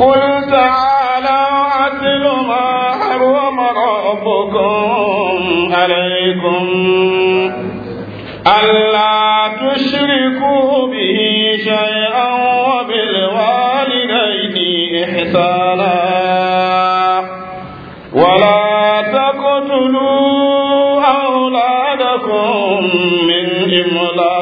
قل تعالوا عدل ما حرم ربكم عليكم ألا تشركوا به شيئا وبالوالدين إحسانا ولا تقتلوا أولادكم من إملاق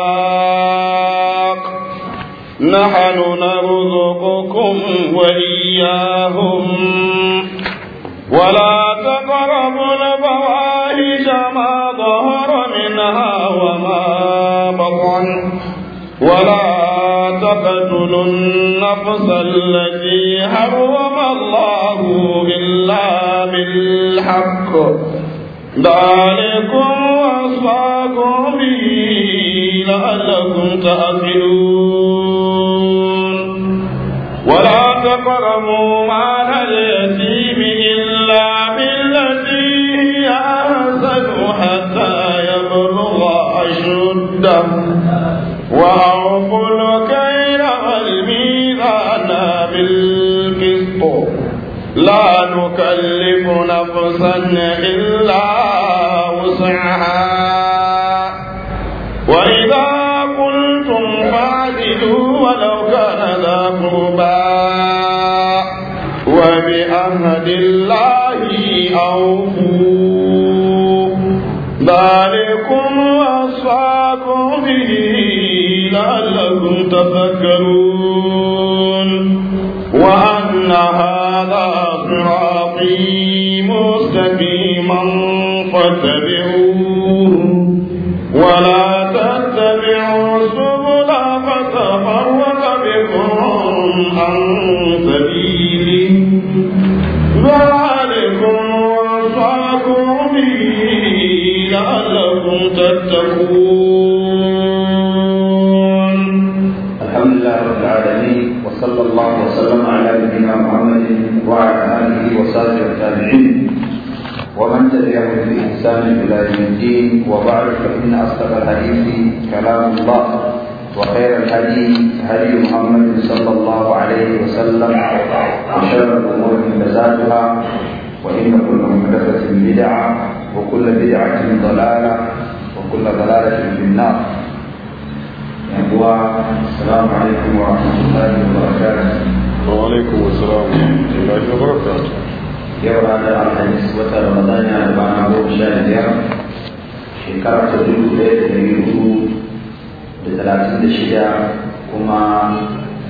النفس التي حرم الله إلا بالحق ذلكم وصاكم به لعلكم تأكلون ولا تقرموا مال نفسا إلا وسعها تتقون الحمد لله رب العالمين وصلى الله وسلم على نبينا محمد وعلى اله وصحبه التابعين ومن تبعهم باحسان الى يوم الدين وبعد فان اصدق الحديث كلام الله وخير الحديث هدي محمد صلى الله عليه وسلم وشر الامور محدثاتها وان كل محدثه بدعه وكل بدعه ضلاله وكل ضلالة في النار السلام عليكم ورحمة الله وبركاته وعليكم السلام ورحمة الله وبركاته يوم هذا الحديث وترمضان على بعض شهر shekara ta dubu ɗaya da ɗari hudu da talatin da shida kuma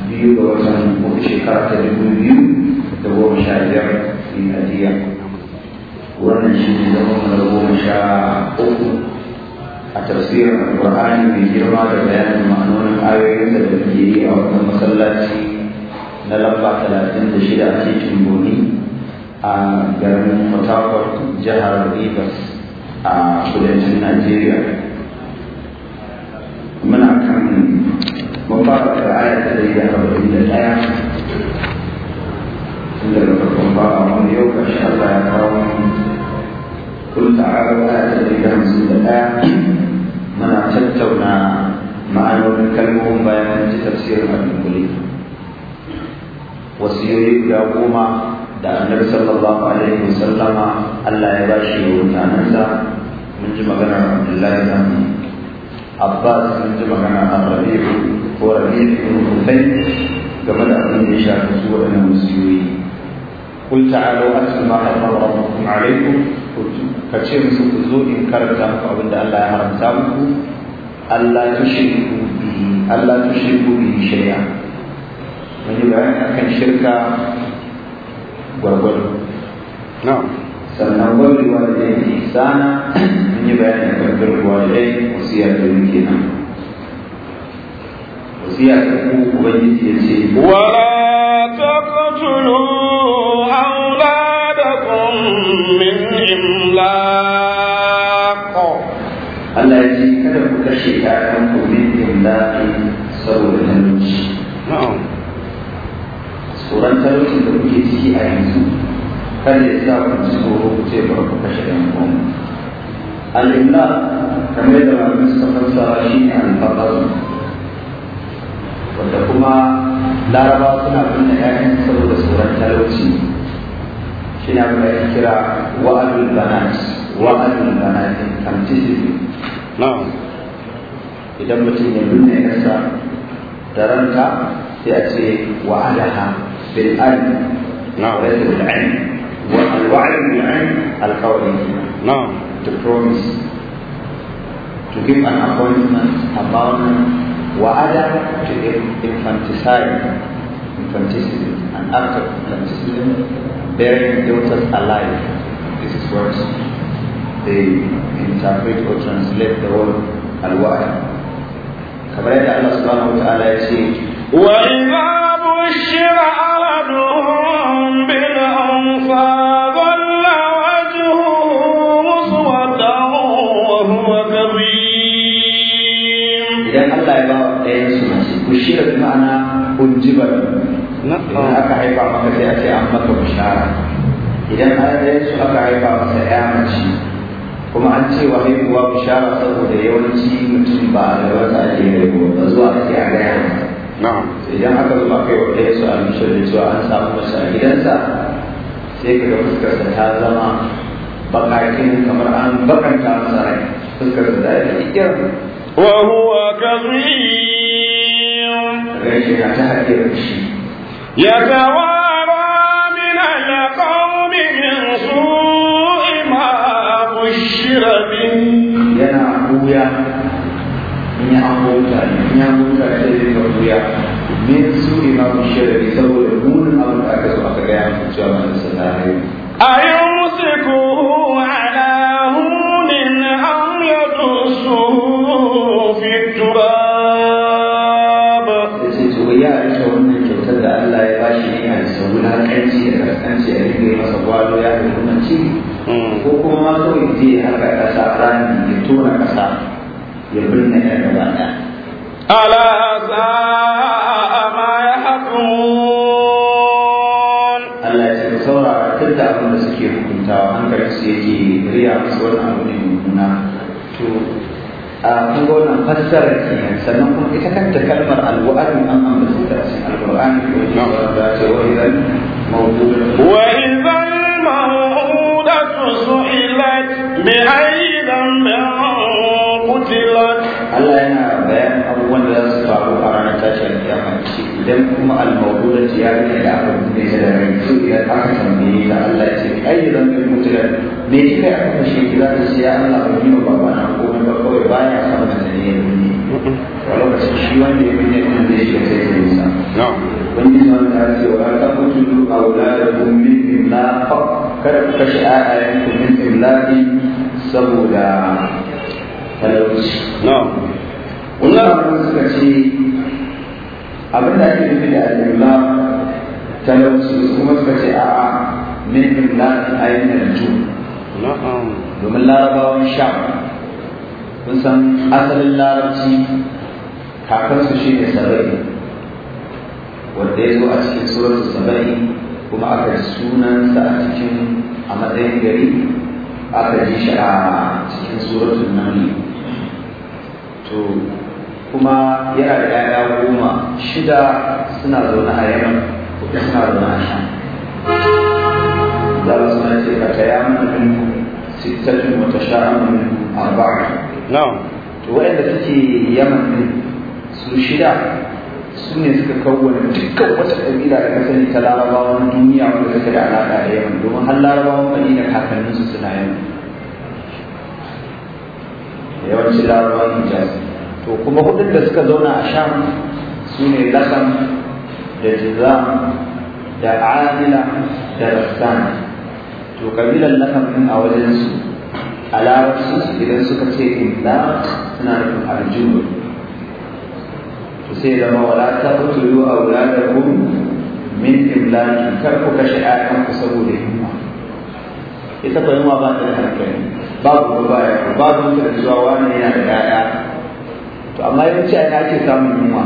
biyu ga aya hudu shekara ta dubu biyu da goma sha biyar na sha a tafsirin alƙur'ani mai girma da bayanin ma'anonin ayoyin da muke yi a wannan masallaci na lamba talatin da shida a titin boni a garin Fatakwal jihar Rivers a kudancin Najeriya. Muna kan mafara da aya ta da arba'in da ɗaya tun daga farkon fara wani yau ƙarshen Allah ya kawo قل تعالوا آية الإله مسلم من أعتدتنا معنا ونكلمهم بيان Wasu المقولين وسيري goma da annabi sallallahu alaihi wasallama Allah ya ba shi mutanensa mun ji magana Abdullahi dan Abbas mun ji magana Rabi'u ko Rabi'u ibn Husayn game da abin da ya shafi su waɗannan musiyoyi قل تعالوا أتل ما حرم ربكم عليكم ka ce musu ku zo in karanta muku abin da Allah ya haramta muku Allah tushriku bi Allah tushriku bihi shay'a mun yi bayani akan shirka gwargwado na'am sannan wani walidai ihsana mun yi bayani akan birru walidai wasiyar da muke nan wasiyar ta ku ubangiji ya ce wala taqtulu tulaqo Allah ya ji kada ku kashe ta kan domin tulaqi saboda zalunci na'am suran talutin da kuke ciki a yanzu kan ya sa ku ji tsoro ku ce ba kashe ɗan ku al'imla kamar da mamin suka fansa shi ne al'fakar wanda kuma larabawa suna binne ya'yan saboda tsoron talutin shine abin da ake kira wa'adul banat wa'adul banat tantijibi na'am idan mutum ya nuna yarsa da ranta sai a ce wa'adaha bil ain na laysa bil ain wa al wa'd bil ain al qawli to promise to give an appointment about wa'ada to infanticide fantasy, an act of fantasy, bearing daughters alive. This is what they interpret or translate the word al kamar yadda Allah subhanahu wa ta'ala ya ce wa idan aka haifa maka sai a ce an maka bishara idan an ɗaya su aka haifa masa ya kuma an ce wa haihuwa bishara saboda yawanci mutum ba da wata ake haihuwa ba zuwa ake a gaya idan aka zuba kai wa ɗaya su a mishir da zuwa an samu masa a gidansa sai ka ga fuskarsa ta zama bakakin kamar an bakanta masa rai fuskarsa ta yi ƙiyar وهو كظيم. ليش يعني هذه الشيء يتوارى من القوم من سوء ما بشر به ينا أبويا من أبويا من أبويا سيدنا أبويا من سوء ما بشر به سوء المول ما بتأكد وقت يا أبويا سيدنا أبويا أيمسكوا على هون أم يدرسوا في التراب mutum da Allah ya bashi yana da sabon kanci da harkanci a rike masa gwado ya da ci hmm. ko kuma ma kawai je haka kasa rani ya tona kasa ya binne ya gaba ɗaya. Ala sa'a ma ya haƙun. Allah ya ce ku saurara duk da abin da suke hukuntawa hankalin su yake riya masu wannan abu ne mummuna. To a ah, ga wannan fassarar sannan kuma ita kanta kalmar alwa'adu an ambace ta القرآن وإذا الموءودة سئلت بأي ذنب قتلت Allah yana bayan abubuwan da za su faru a ranar tashin kiyama ce idan kuma al-mawduda ce ya kai da aka bude ta da rai to idan aka tambaye ta Allah ya ce ai zan kai mutuna me kika aka kashe ki za ta ce ya ba baya son da lokacin shi wanda ya binne din da yake sai ya nisa na'am wanda ya wanda ya ce wa ta kutulu auladakum min imlaq kada ku kashe ayayen ku min imlaqi saboda talauci wannan abin suka ce abin da ake nufi da al kuma suka ce a'a min domin sha kun san asalin larabci kakansu shi ne saba'i wanda ya zo a cikin suratu saba'i kuma aka sunansa a cikin a matsayin gari aka ji shi a cikin suratun nan to kuma yana da yaya goma shida suna zaune a yaman kuma suna zaune a shan za su ce ka ta yaman da minkum sittatun wata sha'an da a arba'in to waɗanda suke yaman din su shida su ne suka kawwana dukkan wata ƙabila da sani ta larabawan duniya wanda suka da alaƙa da yaman domin har larabawan madina kakanninsu suna yaman Yawanci larabawan hijaz to kuma hudun da suka zauna a sham su ne lakam da jizam da amila da rassan to ƙabilan lakam din a wajensu a larabci idan suka ce imlaq suna nufin arjuna to sai zama wala ta fitulu a wuladakum min imlaqi kar ku kashe ƴaƴanku saboda himma ita fa yunwa ba ta da hankali babu ruwa ya babu da zuwa wani yana da ƴaƴa to amma yawanci ana ake samun yunwa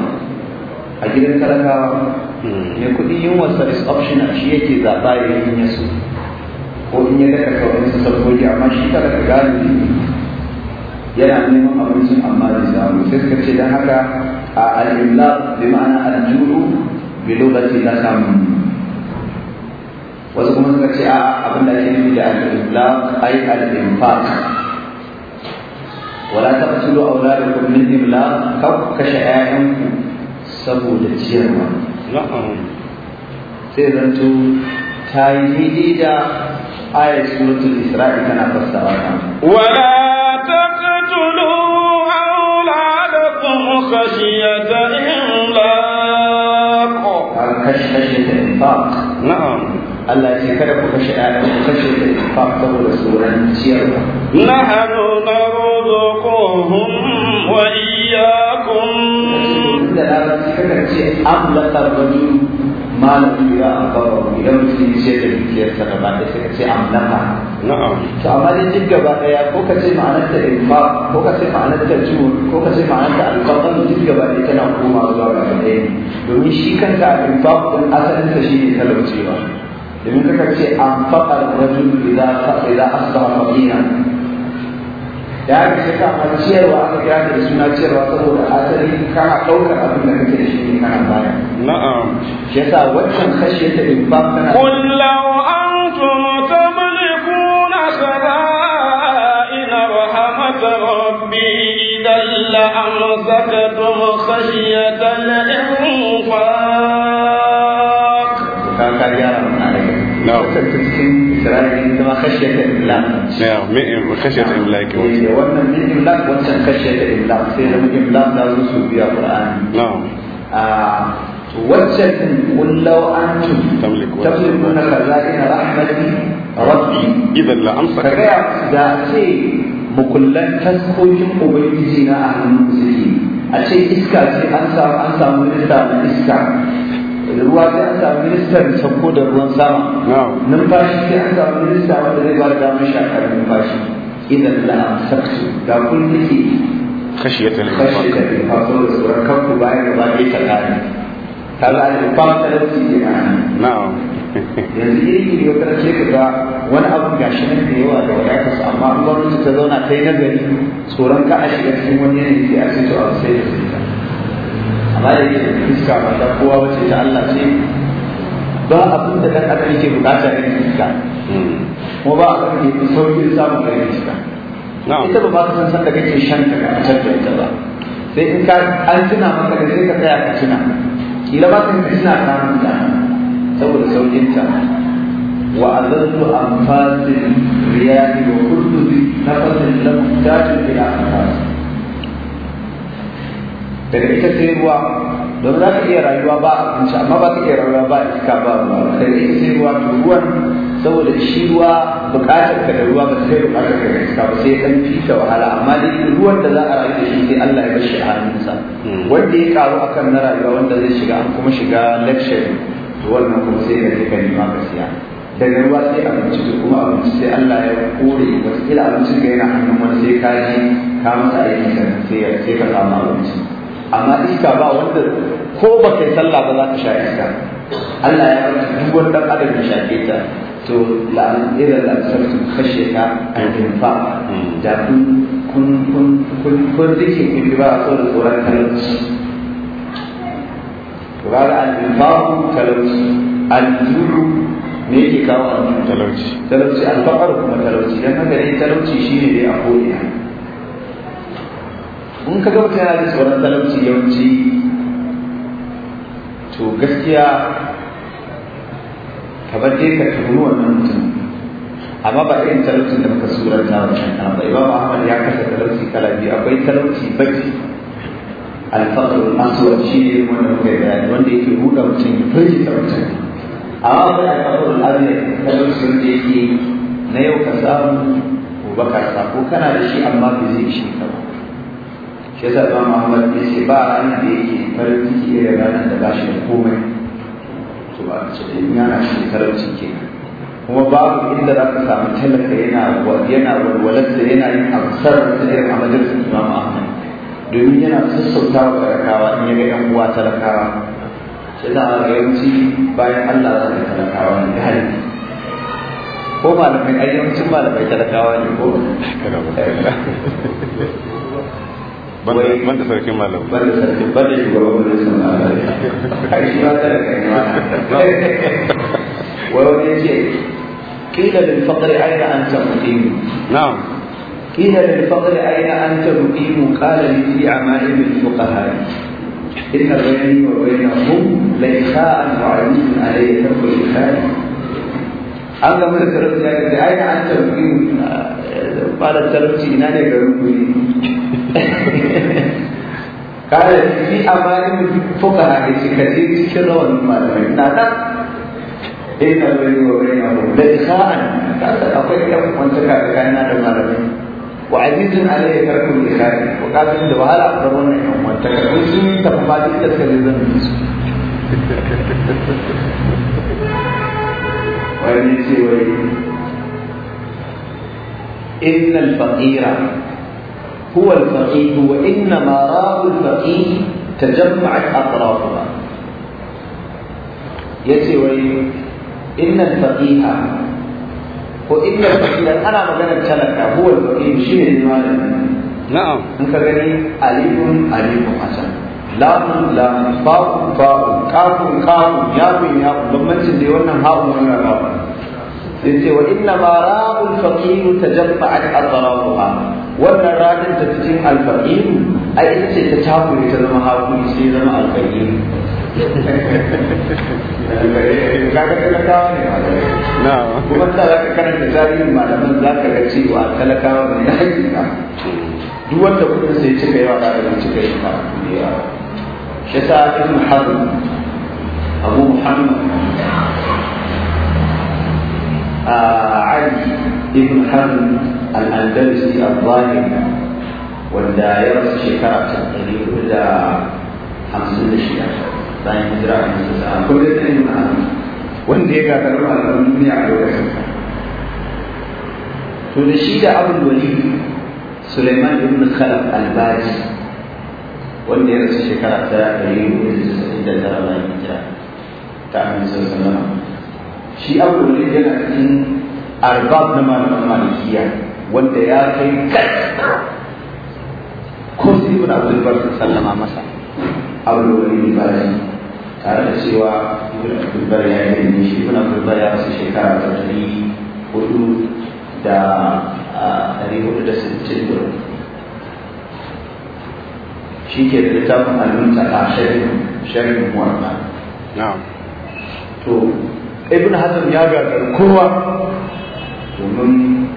a gidan talakawa hmm. mai kuɗi yunwa is optional shi yake zaɓa ya yi yasu ko in ya daka kawai su sabbobi amma shi kada ka gane yana neman abincin amma bai samu sai suka ce don haka a al'imla bi ma'ana aljuru bi lokaci na samu wasu kuma suka ce a abin da ake nufi da al'imla ai al'imfa. wala ta taqtulu awladakum min imla kaf kashe ayyanku saboda ciyarwa Sai zan zanto ta yi daidai da ayar suratul isra'i tana fassara ta wala taqtulu awladakum khashyata imlaq al khashyata infaq na'am Allah ce kada ku kashe ɗaya ku kashe da infaq saboda tsoron ciyarwa nahnu narzuquhum wa iyyakum da Allah ce kada ce amlaqar malami ya amfara idan mutum ya ce da dukiyarsa gaba ɗaya sai ka ce amlaka to amma dai duk gaba ɗaya ko ka ce ma'anar ta ilma ko ka ce ma'anar ta juhur ko ka ce ma'anar ta alƙaƙan duk gaba ɗaya tana koma zuwa gaba ɗaya domin shi kanta ilma ɗin asalinsa shi ne talaucewa domin kaka ce an faɗa rajul idan asbaha faqira da haka sai ka fara ciyarwa aka kira da suna ciyarwa saboda asali kana ɗaukar abin da kake da shi ne kana baya na'am shi yasa waccan kashe ta infaq tana kullau antum tamlikuna khaza'in rahmat rabbi idan la amsakatum khashyata al-infaq ka ka yara na da cikin isra'ila ma khashiyata imlaq khashiyata imlaq eh, wannan min imlaq wancan khashiyata imlaq sai da mun imlaq da su su biya qur'ani na'am ah, waccan qul law antum tamlikuna khaza'ina rahmati rabbi idan la amsaka da ce mukullan taskokin ubangiji na a hannun suke a ce iska ce samu an samu iska ruwa sai an samu minista da sauko da ruwan sama numfashi sai an samu minista wanda zai ba da damar shakar numfashi idan la amsaktu da kun nake khashiyatan kashi ya khashiyatan lil faq saboda tsoron kanku bayan da ba ke tsakani kaga al faq talabci ne na'am yanzu irin ne wata ce ka ga wani abu gashi nan da yawa da wadatar su amma an gwamnati ta zauna ta yi nagari tsoron ka a shiga cikin wani yanayi sai a ce to a sai da amma da yake iska ba ta kowa wace ta Allah ce ba abin da dan adam yake bukata ne iska kuma ba abin da yake sauƙin samun gari iska ita ba ba ka san sanda kake shan ta ka canza ita ba sai in ka an tuna maka da sai ka tsaya ka tuna kila ba ka tuna ta ta saboda sauƙin ta وأذل أنفاس الرياح وكل ذي نفس له محتاج إلى أنفاس daga ita sai ruwa don za ka iya rayuwa ba a abinci amma ba ka iya rayuwa ba a iska ba ruwa daga ita sai ruwa to ruwan saboda shi ruwa bukatar ka da ruwa ba sai bukatar ka da iska ba sai dan fita wahala amma dai ruwan da za a rayu da shi sai Allah ya bashi a hannunsa hmm. wanda ya karu akan na rayuwa wanda zai shiga an kuma shiga lecture to wannan kuma sai ka je ka nema ka siya daga ruwa sai abinci da kuma abinci sai Allah ya kore wasu ila abinci ga yana hannun wani sai ka ji ka masa aiki sai ka samu abinci amma iska ba wanda ko ba kai sallah ba za ka sha iska Allah ya yi duk wani dan adam ya shafe ta to la'an irin la'asarsu kashe ka a fa hmm. da kun kun kun kun kun rike kun ba a so da tsoron talauci to ga al-infa talauci al-juru me yake kawo al-talauci talauci al-faqar kuma talauci dan haka ne talauci shine dai a ko'ina in ka ga mutum yana da tsoron talauci yawanci to gaskiya kamar dai ka tuhumi wannan mutum amma ba irin talaucin da muka surar ta wata kan ba imam ahmad ya kasa talauci kala biyu akwai talauci baki alfaqr al-aswad shi ne wannan kai bayani wanda yake buɗe mutum ya fari talaucin amma ba alfaqr al-azmi talaucin da yake na yau ka samu gobe ka sa ko kana da shi amma bai zai shi ka ba shi yasa ba Muhammad ne ce ba ran da yake farin ciki da ranar da ba shi da komai to ba ce yana shekarar ciki kuma babu inda za ka samu talaka yana yana da yana yin amsar da irin a ba ma amma domin yana sassauta wa talakawa in ya ga yan uwa talakawa sai da yawanci bayan Allah za ka talakawa ne da hali ko malamai ayyancin malamai talakawa ne ko banda sarkin malam banda sarkin banda shugaban majalisar malamai a shi ba ta da kai ma wani ce kila lil faqri aina anta muqim na'am kila lil faqri aina anta muqim qala li fi amali al fuqaha إن بيني وبينهم ليخاء وعليم علي ترك الإخاء an gama da talauci ya gaji ai an talauci ba da talauci ina ne garin kuri kada fi amarin fuka ne ka je cikin rawan malamai na nan ina wani wa bai na da sa'an akwai ɗan wanda ka ga na da malamai wa azizun alayhi tarkul likhari wa kafin da wahala a gaban nan yan wanda ka kun sun tabbata da sai zan su wani ce wai innal faqira هو الفقيه وإنما راه الفقيه تجمعت أطرافها يسوي إن الفقيه وإن الفقيه أنا مجانا تلك هو الفقيه شيء المال نعم أنت غني أليف أليف حسن لام لام فاء فاء كاف كاف يا بني يا بني بمن تدي ونها ونها sai ce wa inna ma ra'ul faqiru tajaffa'at atrafuha wannan radin ta cikin alfaqiru ai ita ce ta takure ta zama hakuri sai zama alfaqiru kaga talakawa ne kuma ta za ka karanta tarihin malaman za ka ga cewa talakawa ne na hakika duk wanda kudin sai cika yawa da ga cika yi ka shi ta ibn harun abu muhammad علي بن حمد الأندلسي الظاهر wanda ya rasu shekara ta ɗari hudu da hamsin da shida bayan hijira a yanzu da ko da ta yi wanda ya gagarar malaman duniya a lokacin sa to da shi da abin wani suleiman ibn khalaf albaji wanda ya rasu shekara ta ɗari hudu da tara bayan hijira ta amince sallama shi abu da na cikin arbab na malaman malikiya wanda ya kai kai ko sai ibn abdul bar sallama masa abu da ne bayan tare da cewa ibn abdul bar ya yi ne shi ibn abdul bar ya wasu shekara ta dari hudu da dari hudu da sittin da shi ke da littafin almunta a shari'in shirin muwarta to ibn hazm ya gagari kowa domin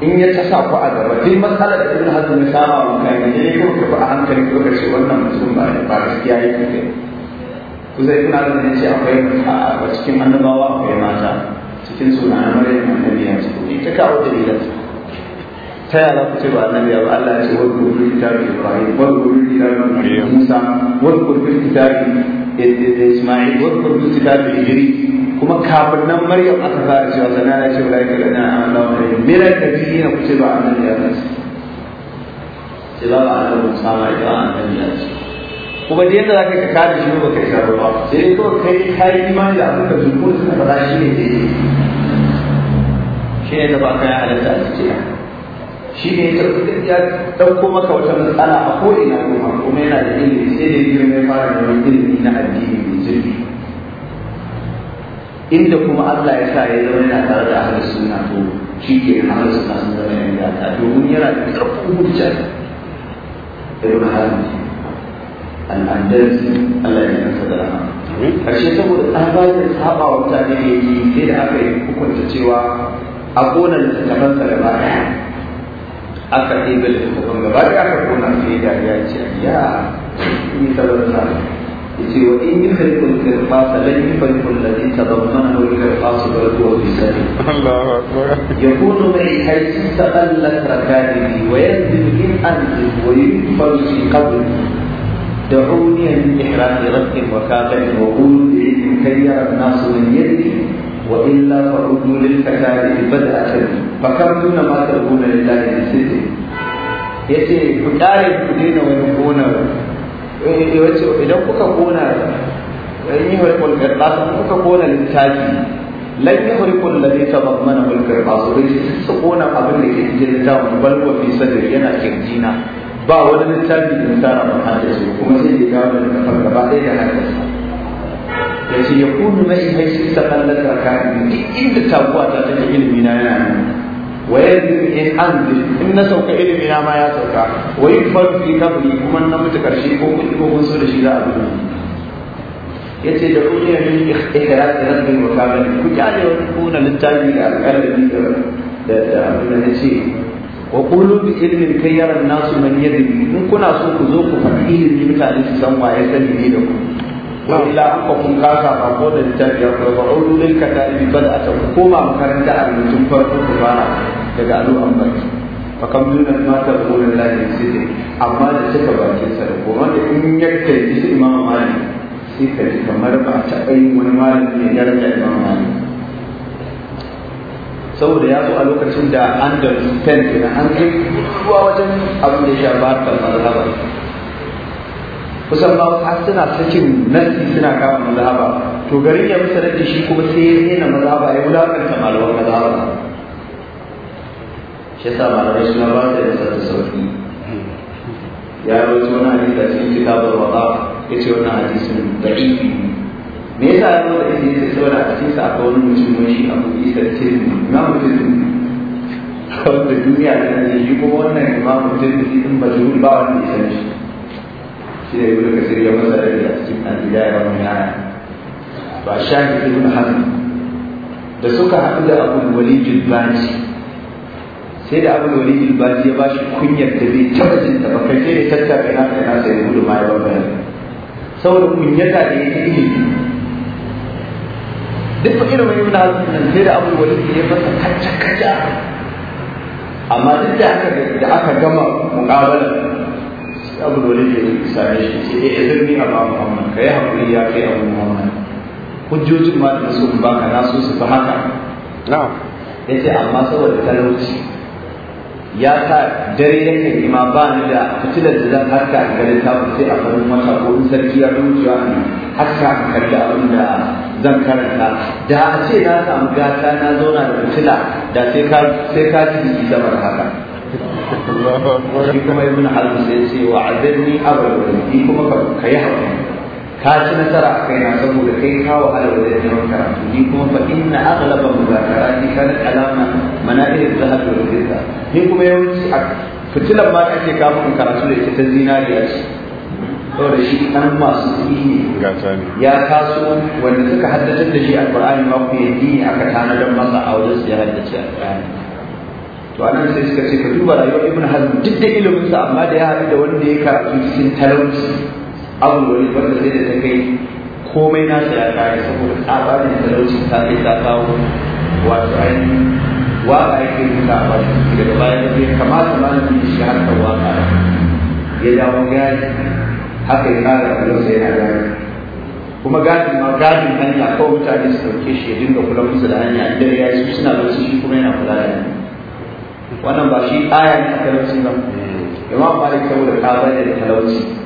in ya ta ku a gaba duk matsala da ibn hazm ya saba mun kai ne dai ko ka a hankali ko ka ce wannan mutum ba ba gaskiya yake kai ku zai ibn hazm ya ce akwai a cikin annabawa akwai mata cikin sunan maryam annabi ya ce ita kawo dalilan ta yaya ku ce ba annabi ba Allah ya ce wa qur'an kitabi ibrahim wa qur'an kitabi musa wa qur'an kitabi Isma'il wa kullu kitab al-hijri kuma kafin nan Maryam aka fara cewa sana da cewa laika lana amalna a rahim mira tabiina kutiba anan ya nas cewa Allah sama ya anan ya kuma da yadda zaka kare shi ba kai sabo ba sai ko kai kai imani da abin da su ko suka faɗa shi ne shi ne da ba kai halatta a cikin shi ne ya tafi ya ɗauko maka wata matsala a ko'ina kuma kuma yana da ilimi sai da ilimi mai fara da wani ilimi na addini mai zurfi inda kuma Allah ya sa ya zama yana tare da ahlus sunna to shi ke ahlus sunna sun zama yana da ta domin yana da ƙarfin hujja irin halin al'adarsu Allah ya nasa da rahama karshe saboda tsabarin saba wa mutane ne sai da aka yi hukunta cewa a gonar da ta kamar gaba ɗaya aka ɗebe littattafan gaba da aka kona sai da ya ce ya yi sallallahu alaihi yace wa in yukhriqu al-qirqasa lan yukhriqu alladhi tadammanahu al-qirqas bal huwa fi sadri Allahu akbar yakunu ma'i haythu taqallat rakatihi wa yanzil in anzil wa yunfal fi qabri دعوني من إحراق رد وكافر وقول لعلم كي يرى الناس من يدي وإلا فعودوا للفكاهة بدأت بي bakar tuna ma ta gona lillahi sai ya ce ku dare ku daina wani gona eh, idan kuka gona in yi harkar karɓa su kuka gona littafi lan yi harkul da zai taɓa mana mulkar ba su su gona abin da ke jirgin littafin balwa fi sadar yana kirjina ba wani littafi da tara ba ta su kuma sai ya gawo da kafar gaba ɗaya da harkarsa ya ce ya kunu shi haisi sakan da karka duk inda tabuwa ta ta ilimi na yana nan وينزل إن أنزل إن سوك إلم إلى ما يسوك ويكبر في قبري ومن ko كرشي ومن سر شيء لا yace da kuni min ikhtilat rabbil mukamal ku jale wa kuna littafi da alqalbi da da abin ce wa qulu bi ilmin kai yara nasu man in kuna so ku zo ku faɗi mutane su san waye sani ne da ku وإلا أنكم كاسا فقود التابع وقعودوا للكتائب بدأت a مكرنة أن تنفرقوا كفارا daga alu an baki fa kam nuna mata lafiya lahi sai amma da suka bakin sa da kuma da in ya yi shi imam mali sai ka ji kamar ba a kai wani malami ne ya rage imam mali saboda ya zo a lokacin da an da pen kenan an kai zuwa wajen abin da ya shafa harkar mazhaba kusan ba har suna sakin nasi suna kama mazhaba to garin ya musa da shi kuma sai ya rena mazhaba ya wulakanta malaman mazhaba shi sa malamai na ba da yasa da sauki ya rawaito wani hadisi a cikin kitabul wada ya ce wannan da da'ifi me yasa ya zo da isi ya saboda a cikin sa akwai wani mutum mai shi abu isa tirmi na. tirmi wanda duniya ta ne shi kuma wannan imamu tirmi din ba zuwa ba wani ya san shi shi ne ibnu kasir ya masa da a cikin al-bidaya wa nihaya ba shafi ibnu hazm da suka haɗu da abu walid al-bani sai da abu wani ilbaji ya bashi kunyar da zai taɓa jin tabbakai da tattaka na kana sai da gudu ma ya bambaya saboda kunyata da ya yi ilimi duk da irin wani na halittu nan sai da abu wani ya fasa kacce kacce amma duk da aka da aka gama muƙabala sai abu wani ya same shi ce eh izirni a ba Muhammad yi hakuri ya kai abu Muhammad hujjojin ma da su baka na su su fi haka ya ce amma saboda talauci ya sa dare ya kan ma ba ni da fitilar da zan haska a garin ta sai a farin mata ko in sarki ya rubuta ni haska a kalli abin da zan karanta da a ce na samu gata na zauna da fitila da sai ka sai ka ji jiki zamar haka shi kuma ibn halm sai ce wa azirni abu kuma ka yi haka ka ci nasara a na saboda kai ka wahala wajen neman karatu ni kuma fa inna aghlaba muzakarati kana alama manabir zahab wa ni kuma yawanci a fitilan ma kake ka mun karatu da ita da zinariya ce da shi dan masu ya taso wanda suka haddace da shi alqur'ani ma ku yi ne aka dan masa a wajen su ya haddace to anan sai suka ce ka duba rayuwar ibnu hazm duk da ilimin sa amma da ya haɗu da wanda ya karatu cikin talauci abin wani wanda zai da ta kai komai na ya kare saboda tsabarin talauci ta kai ta kawo wato ainihin waka yake yi ta ba daga bayan da kamata malamin shi harkar waka ya dawo gari haka ya kare talauci yana gari kuma gadi ma gadi hanya ko mutane su dauke shi ya dinga kula musu da hanya inda ya yi suna da shi kuma yana kula da ni wannan ba shi aya ne a talauci ba hmm. imam malik saboda ka da talauci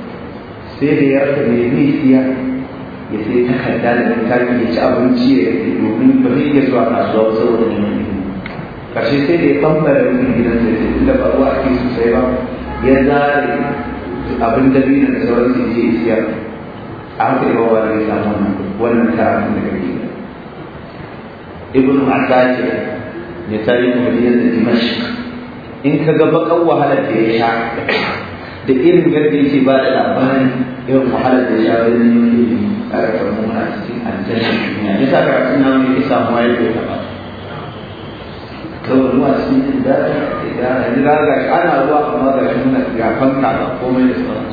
sai da ya rasa mai zai siya ya sai takarda da littafi ya ci abinci ya yi domin ba zai iya zuwa kasuwa saboda neman ilimi ƙarshe sai da ya bambara gidan gidansa ya tafi da ruwa ake sosai ba ya zare abin da biyu da sauran su je siya a haka bawa da ya samu wannan tarihin daga gida ibn asakir ne tarihin da dimashi in ka ga bakan wahalar da ya sha da irin yadda ce ba da labarin irin wahala da ya wani da ilimi a rarrafa muna cikin aljanna duniya ya sa karatun na wani isa ma ya bai taɓa kawai ruwa cikin jin daɗi da jira ga shi ana ruwa amma ga shi muna ya fanta da komai da sauran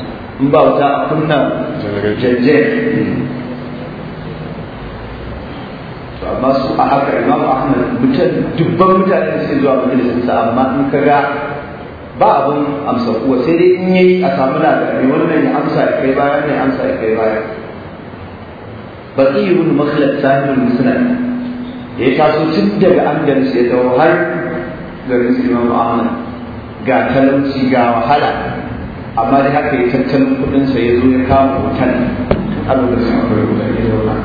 in ba wuta a kunna jajje to amma su a haka imam ahmad mutan dubban mutane suke zuwa sun sa amma in ka ga ba abin amsa kuwa sai dai in yayi a samu labari wannan ya amsa ya kai baya ne ya amsa ya kai baya baqiyyu ibn makhlad sahibul musnad ya taso tun daga andalus sai da har garin imam ahmad ga talauci ga wahala amma dai haka ya tattalin kudin sa ya zo ya kama hotel a lokacin akwai hotel ya zauna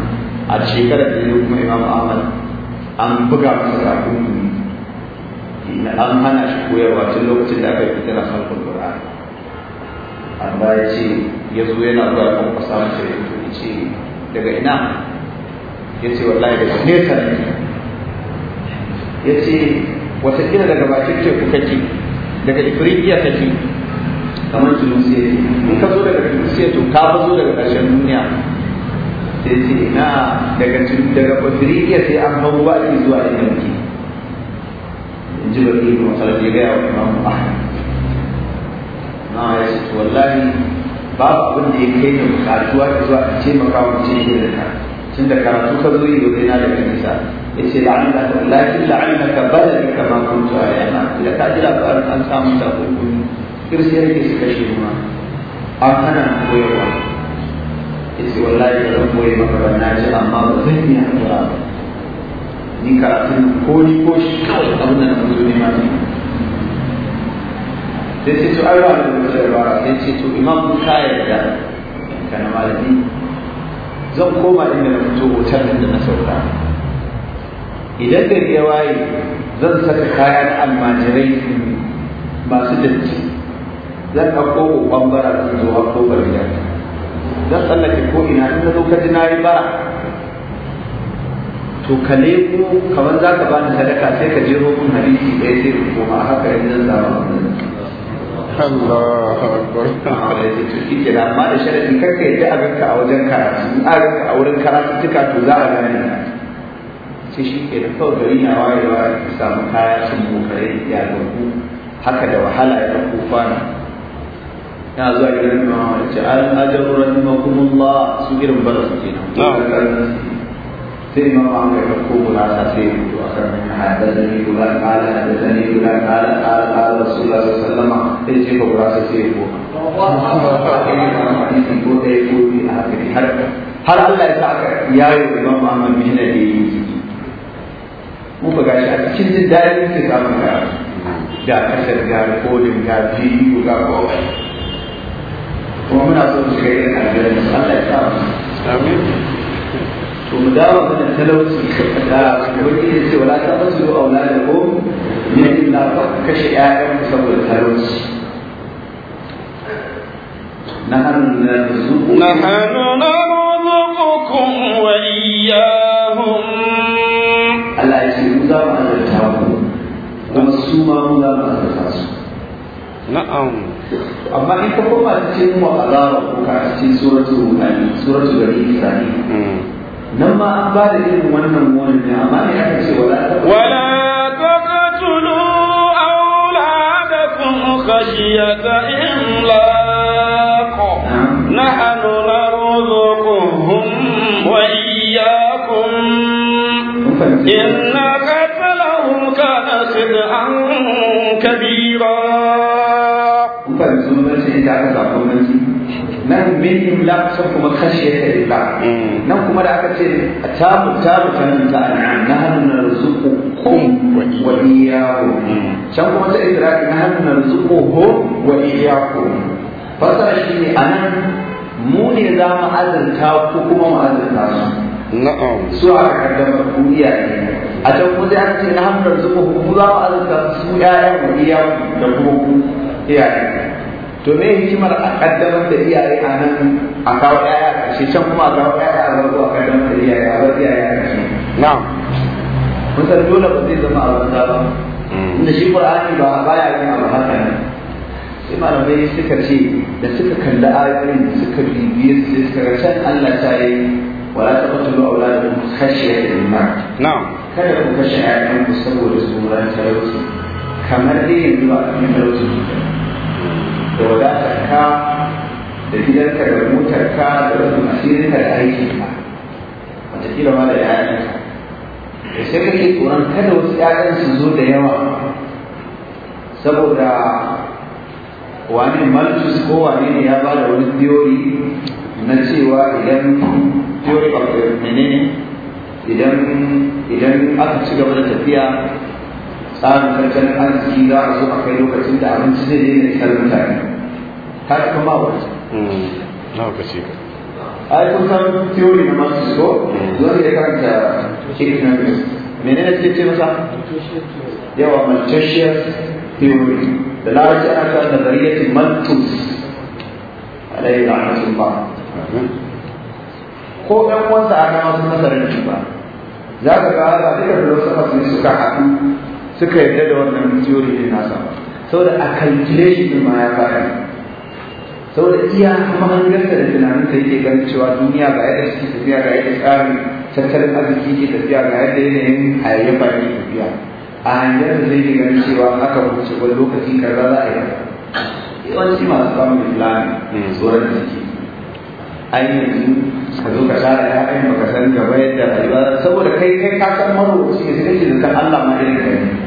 a shekarar da ya kuma imam ahmad an buga masa kafin an hana shi koyarwa tun lokacin da aka yi fitar halkul qur'ani amma ya ce ya zo yana zuwa kan fasahar da ya ce daga ina ya ce wallahi daga nesa ne ya ce watakila daga bakin teku kake daga ifiriya kake kamar tunisiya in ka zo daga tunisiya to ka zo daga ƙarshen duniya sai ce na daga daga sai an hau ba zuwa inda muke in ji bari ibn gaya wa imamu ahmad na ya ce to wallahi babu abin ya kai da bukatuwa da zuwa a taimaka wa mutum ya da ka tun karatu ka zo yi gobe na da kanisa ya ce la'allaka lakin la'allaka baladi kama kuntu a yana da ka ji labarin an samu da hukumi kirsiyar ke su kashe ma an hana koyarwa ya ce wallahi ba zan koyi maka ba amma ba zan ba ni karatun ko ni ko shi kawai abin da na mutu ne ma ne sai ce to ai ba da wata dabara sai ce to imam ka yarda kana malami zan koma inda na fito hotel din da na sauka idan gari ya waye zan saka kayan almajirai masu datti zan ɗauko ƙwambara zuwa ko har da zan tsallake ko ina inda na zo na yi bara to ka leko kamar za ka bani sadaka sai ka jero kun hadisi ɗaya sai ka koma haka yanzu zama Allah akbar. amma da sharadin karka yadda a ganka a wajen karatu in a ganka a wurin karatu duka to za a gane sai shi ke da kawai gari na wayewa ka samu kaya sun bukare ya gabu haka da wahala ya ɗauko kwana na zuwa gidan imamu da ce an ajabu rahimahumullah su girin bara su kenan. sai imam Ahmad ya ko gurasa sai ya rubuto akan min haddathani fulan qala haddathani fulan qala qala qala rasulullah sallallahu alaihi wasallam sai ce ko gurasa sai ya rubuto ko dai ko bi a haka har Allah ya sa aka yayo imam Ahmad bin da yi mu ba gashi a cikin jin daɗin da rikodin ga biyu kuma muna so su ga irin aljanna to mu dawo da talauci da wani ke cewa la ta fasu auladakum min illa fa kashi ayyan saboda talauci Na narzuqukum nahanu narzuqukum wa iyyahum Allah ya ce mu za mu azurta ku kuma su ma mu za mu azurta su na'am amma in ka koma cikin mu azara ko ka cikin suratul mu'min suratul gari ne nan ma an ba da irin wannan wani ne amma ne aka ce wala wala taqtulu auladakum khashyata imlaq nahnu narzuquhum wa iyyakum inna qatlahum kana sid'an kabira kun fahimci mun ce da aka zaɓa mun nan min imlaq sun kuma kashe al-imlaq mm. nan kuma da aka ce tabu tabu tanan ta na nahnu narzuqukum wa iyyakum mm. can kuma ta idraki nahnu ho wa iyyakum fasara shi ne anan mu ne za mu azanta ku kuma mu azanta su na'am su a kaddama duniya ne a can kuma sai an ce na hannun zuba ku za mu azanta su ƴaƴan wa iya da kuma ku iyaye to me hikimar a kaddamar da iyaye a nan a kawo yaya a ƙarshe can kuma a kawo yaya a zargo a kaddamar da iyaye a bar iyaye a ƙarshe na'am kun san dole ba zai zama a banza ba hmm. inda shi qur'ani ba a baya ake a haka ne sai malamai suka ce da suka kalli ayoyin da suka bibiye su sai suka ga can Allah ta yi wala taqtulu awladakum khashyata immat na'am kada ku kashe ƴaƴanku saboda tsoron talauci kamar dai yanzu ba kamar talauci da wadatarka da gidanka da motarka da wasu masirinka da aikinka wataƙila ma da ‘ya'yanka da sai kake tsoron kada wasu ‘ya'yan su zo da yawa saboda wani malchus ko wani ne ya ba da wani theory na cewa idan theory of menene idan idan aka ci gaba da tafiya tsarin tattalin arziki za a zo a kai lokacin da abinci zai daina isar mutane har kuma wata lokaci a yi san teori na masu so zuwa ya karanta mene na suke ce masa yawa manchester theory da larabci ana kan mantus a nazariyatin maltus alayhi ba ko ɗan wansa a kama sun masa ba za ka ga ba duka filosofas ne suka haɗu suka yarda da wannan theory ne nasa saboda a calculation din ma ya fara saboda iya mahangarsa da tunanin ta yake ganin cewa duniya ga yadda suke tafiya ga yadda tsarin tattalin arziki ke tafiya ga yadda yanayin hayayyafa ne tafiya a hanyar da zai gani cewa aka wuce wani lokaci kaza za a yi yawanci masu samun ne hmm. tsoron jiki ainihin ka zo ka tsara ya ainihin baka san gaba yadda rayuwa saboda kai kai ka san marowaci ne sai da Allah ma irin kai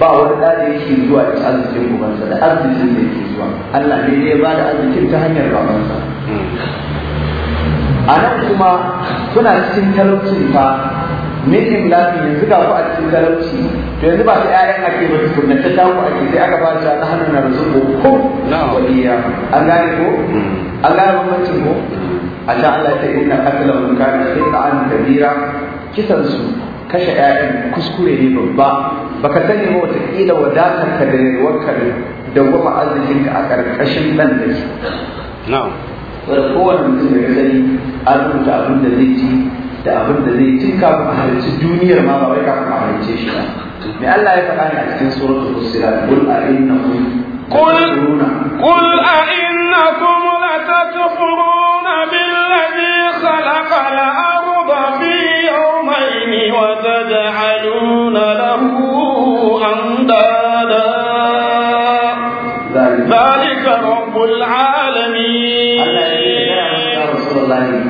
ba wani ɗa da yake zuwa da arzikin ubansa da arzikin da yake zuwa Allah ne zai ba da arzikin ta hanyar babansa a nan kuma suna cikin talauci fa min imlafi yanzu ga ku a cikin talauci to yanzu ba ta ƴaƴan ake ba tukunna ta ta ku ake sai aka bata ta hannun na rizuku ko waliya an gane ko mm. an gane bambancin ko mm. a ta Allah ta inna mun kana sai ta an kabira kisan su kashe ƴaƴan kuskure ne babba baka sani ba wataƙila wadatar ka da yalwarka da gwama arzikinka a ƙarƙashin ɗan da shi. Na'am. Wadda kowane mutum da sani an rubuta abin da zai ci da abin da zai ci kafin a halarci duniyar ma ba wai kafin a halarce shi ba. Me Allah ya faɗa ne a cikin suratul Fussilat qul a innakum قل قل أئنكم لتكفرون بالذي خلق الأرض وتجعلون له أندادا ذلك رب العالمين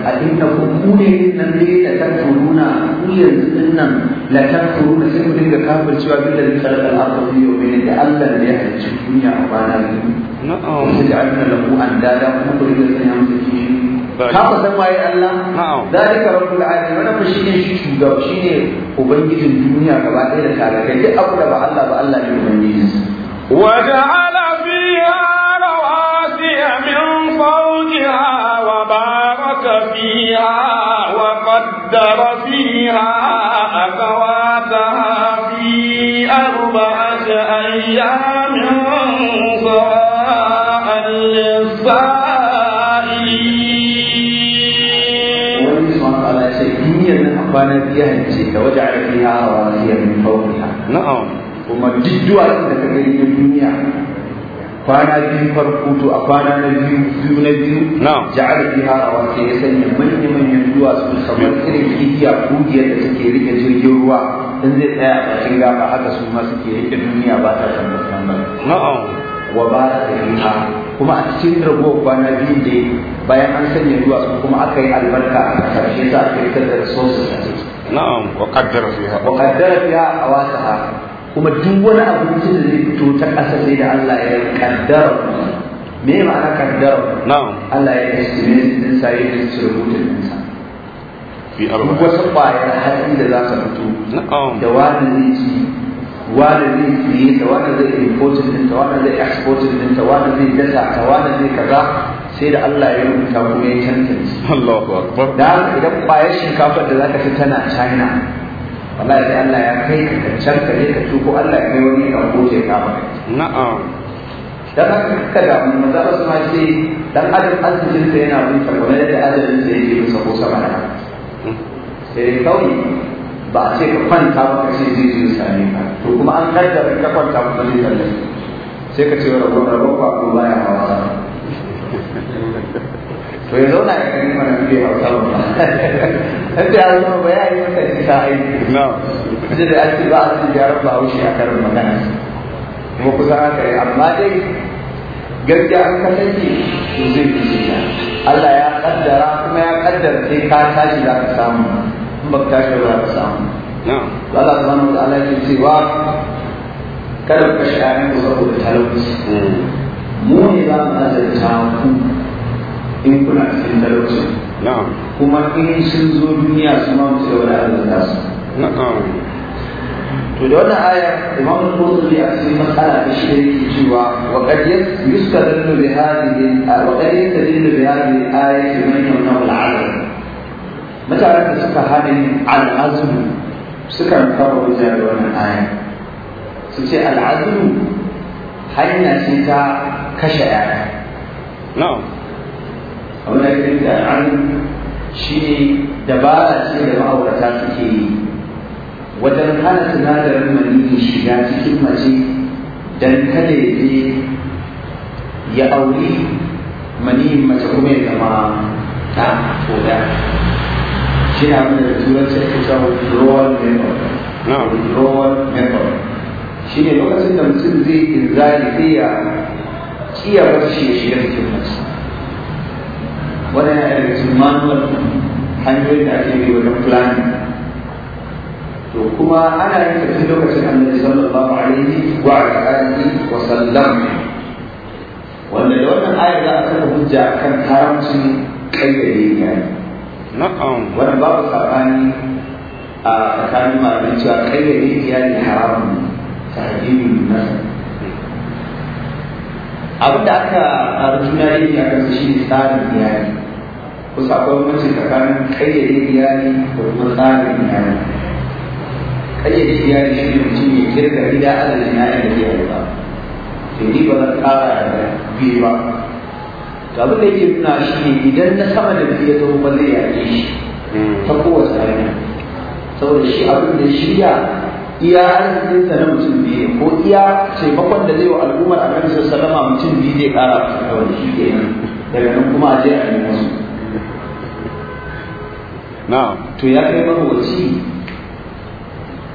أئنكم كون إذن لي لتكفرون إذن لتكفرون سيكون لك كافر سوى بالذي خلق الأرض في يومين لألا ليحج الدنيا عبانا نعم تجعلون له أندادا وكل إذن يمسكين ka san waye Allah zalika rabbul alamin wannan shi ne shi shugaba shi ne ubangijin duniya gaba ɗaya da talakai duk abu da ba Allah ba Allah ne ubangiji وجعل فيها رواسي من فوقها وبارك فيها وقدر فيها أقواتها في أربعة أيام سواء للسائل kwana biyan ce da waje a fiha rawasiya min fawqiha na'am kuma duk duwatsun da ka gani na duniya kwana biyu farko to a kwana na biyu biyu na biyu ja'ala fiha rawasiya ya sanya manya manyan duwatsu kamar irin kigiya kugiyar da take rike jirgin ruwa In zai tsaya a cikin gaba haka su ma suke rike duniya ba ta san ba na'am wa ba ta fiha kuma a cikin ragowar kwana biyu da bayan an sanya ruwa su kuma aka yi albarka a ƙarshe za a kirkar da resources a ciki. Na'am, wa kaddara fiha. Wa kaddara fiha a ha. Kuma duk wani abinci da zai fito ta ƙasa sai da Allah ya yi kaddara. Me ma'ana kaddara? Na'am. Allah ya estimate din sa ya yi rubuta din sa. Fi arba'a. Duk wasu ƙwayar hatsi da za ta fito. Na'am. Da wani ne ci wani zai siye ta wani zai importin ɗinta wani zai exportin ɗinta wani zai dasa ta wani zai kaza sai da Allah ya rubuta kuma ya tantance Allahu akbar da haka idan bayan shinkafar da zaka ci tana China wallahi sai Allah ya kai ka can ka je ka tuko Allah ya kai wani ka goje ka ba na'am dan haka kada da da su ma ce dan adam azumin sai yana bin sa kamar da azumin sai yake bisa ko sama sai hmm. eh, kawai ba a ce ka kwanta ba ka ce zai same ka to kuma an kaddara ka kwanta kuma zai same sai ka ce wa rabon rabon ba ko baya hawa to ya zauna ya kai mana biye a wasa ba an da ya zama ba ya yi wata ji ta aiki ji da ake ba a cikin gyaran ba haushi a karin magana kuma kusa haka yi amma dai gaskiya an kasance to zai fi Allah ya kaddara kuma ya kaddara sai ka tashi za ka samu مكة شباب سام نعم الله سبحانه وتعالى في كلب كشعرين وقبول تلوث مو نظام هذا التعاون إن كنا في التلوث نعم وما إن سنزو الدنيا سمام سيولا هذا الناس نعم تجعل آية إمام القرطبي في مسألة الشريك سوى وقد يستدل بهذه وقد يستدل بهذه الآية من يمنع العدل mutanen da suka hada yin al'azumi suka kawo wajen da wannan 'ayin, su ce al'azumi hanya ce ta kashe yaya na'am abin da fi da an shi ne dabara ce da ma'aurata suke yi wajen hana sinadarin maniyyi shiga cikin mace don kada ya je ya auri maniyin mace kuma ya zama ta ko shi ne abin da turanci ake cewa withdrawal memory withdrawal memory shi ne lokacin da mutum zai inzali zai ya kiya barci ya shiga cikin masu wannan yana daga cikin manuwar hanyoyin da ake bi wajen planning to kuma ana yin tafi lokacin annabi sallallahu alaihi wa alihi wa sallam wanda da wannan ayar za a saka hujja kan haramcin kayyade iyali na'am wannan babu sabani a tsakanin malamai cewa kayyade iyali haramun ta hadimin nasa abin da aka rujuna yi a kan shi ne tsarin iyali kusa akwai wani tsakanin kayyade iyali ko kuma tsarin iyali kayyade iyali shi ne mutum ya kirga gida adadin yayin da zai yi ba to ni ba zan kara da biyu ba Tabi abin da yake nuna shi ne idan na sama da biyu ya zo ba zai yaƙe shi ta kowace hanya saboda shi abin da shirya iya arzikinsa na mutum biyu ko iya taimakon da zai wa al'ummar annabi salama mutum biyu zai ƙara da wani shi kenan daga nan kuma a je a yi su. na'am to ya kai marwaci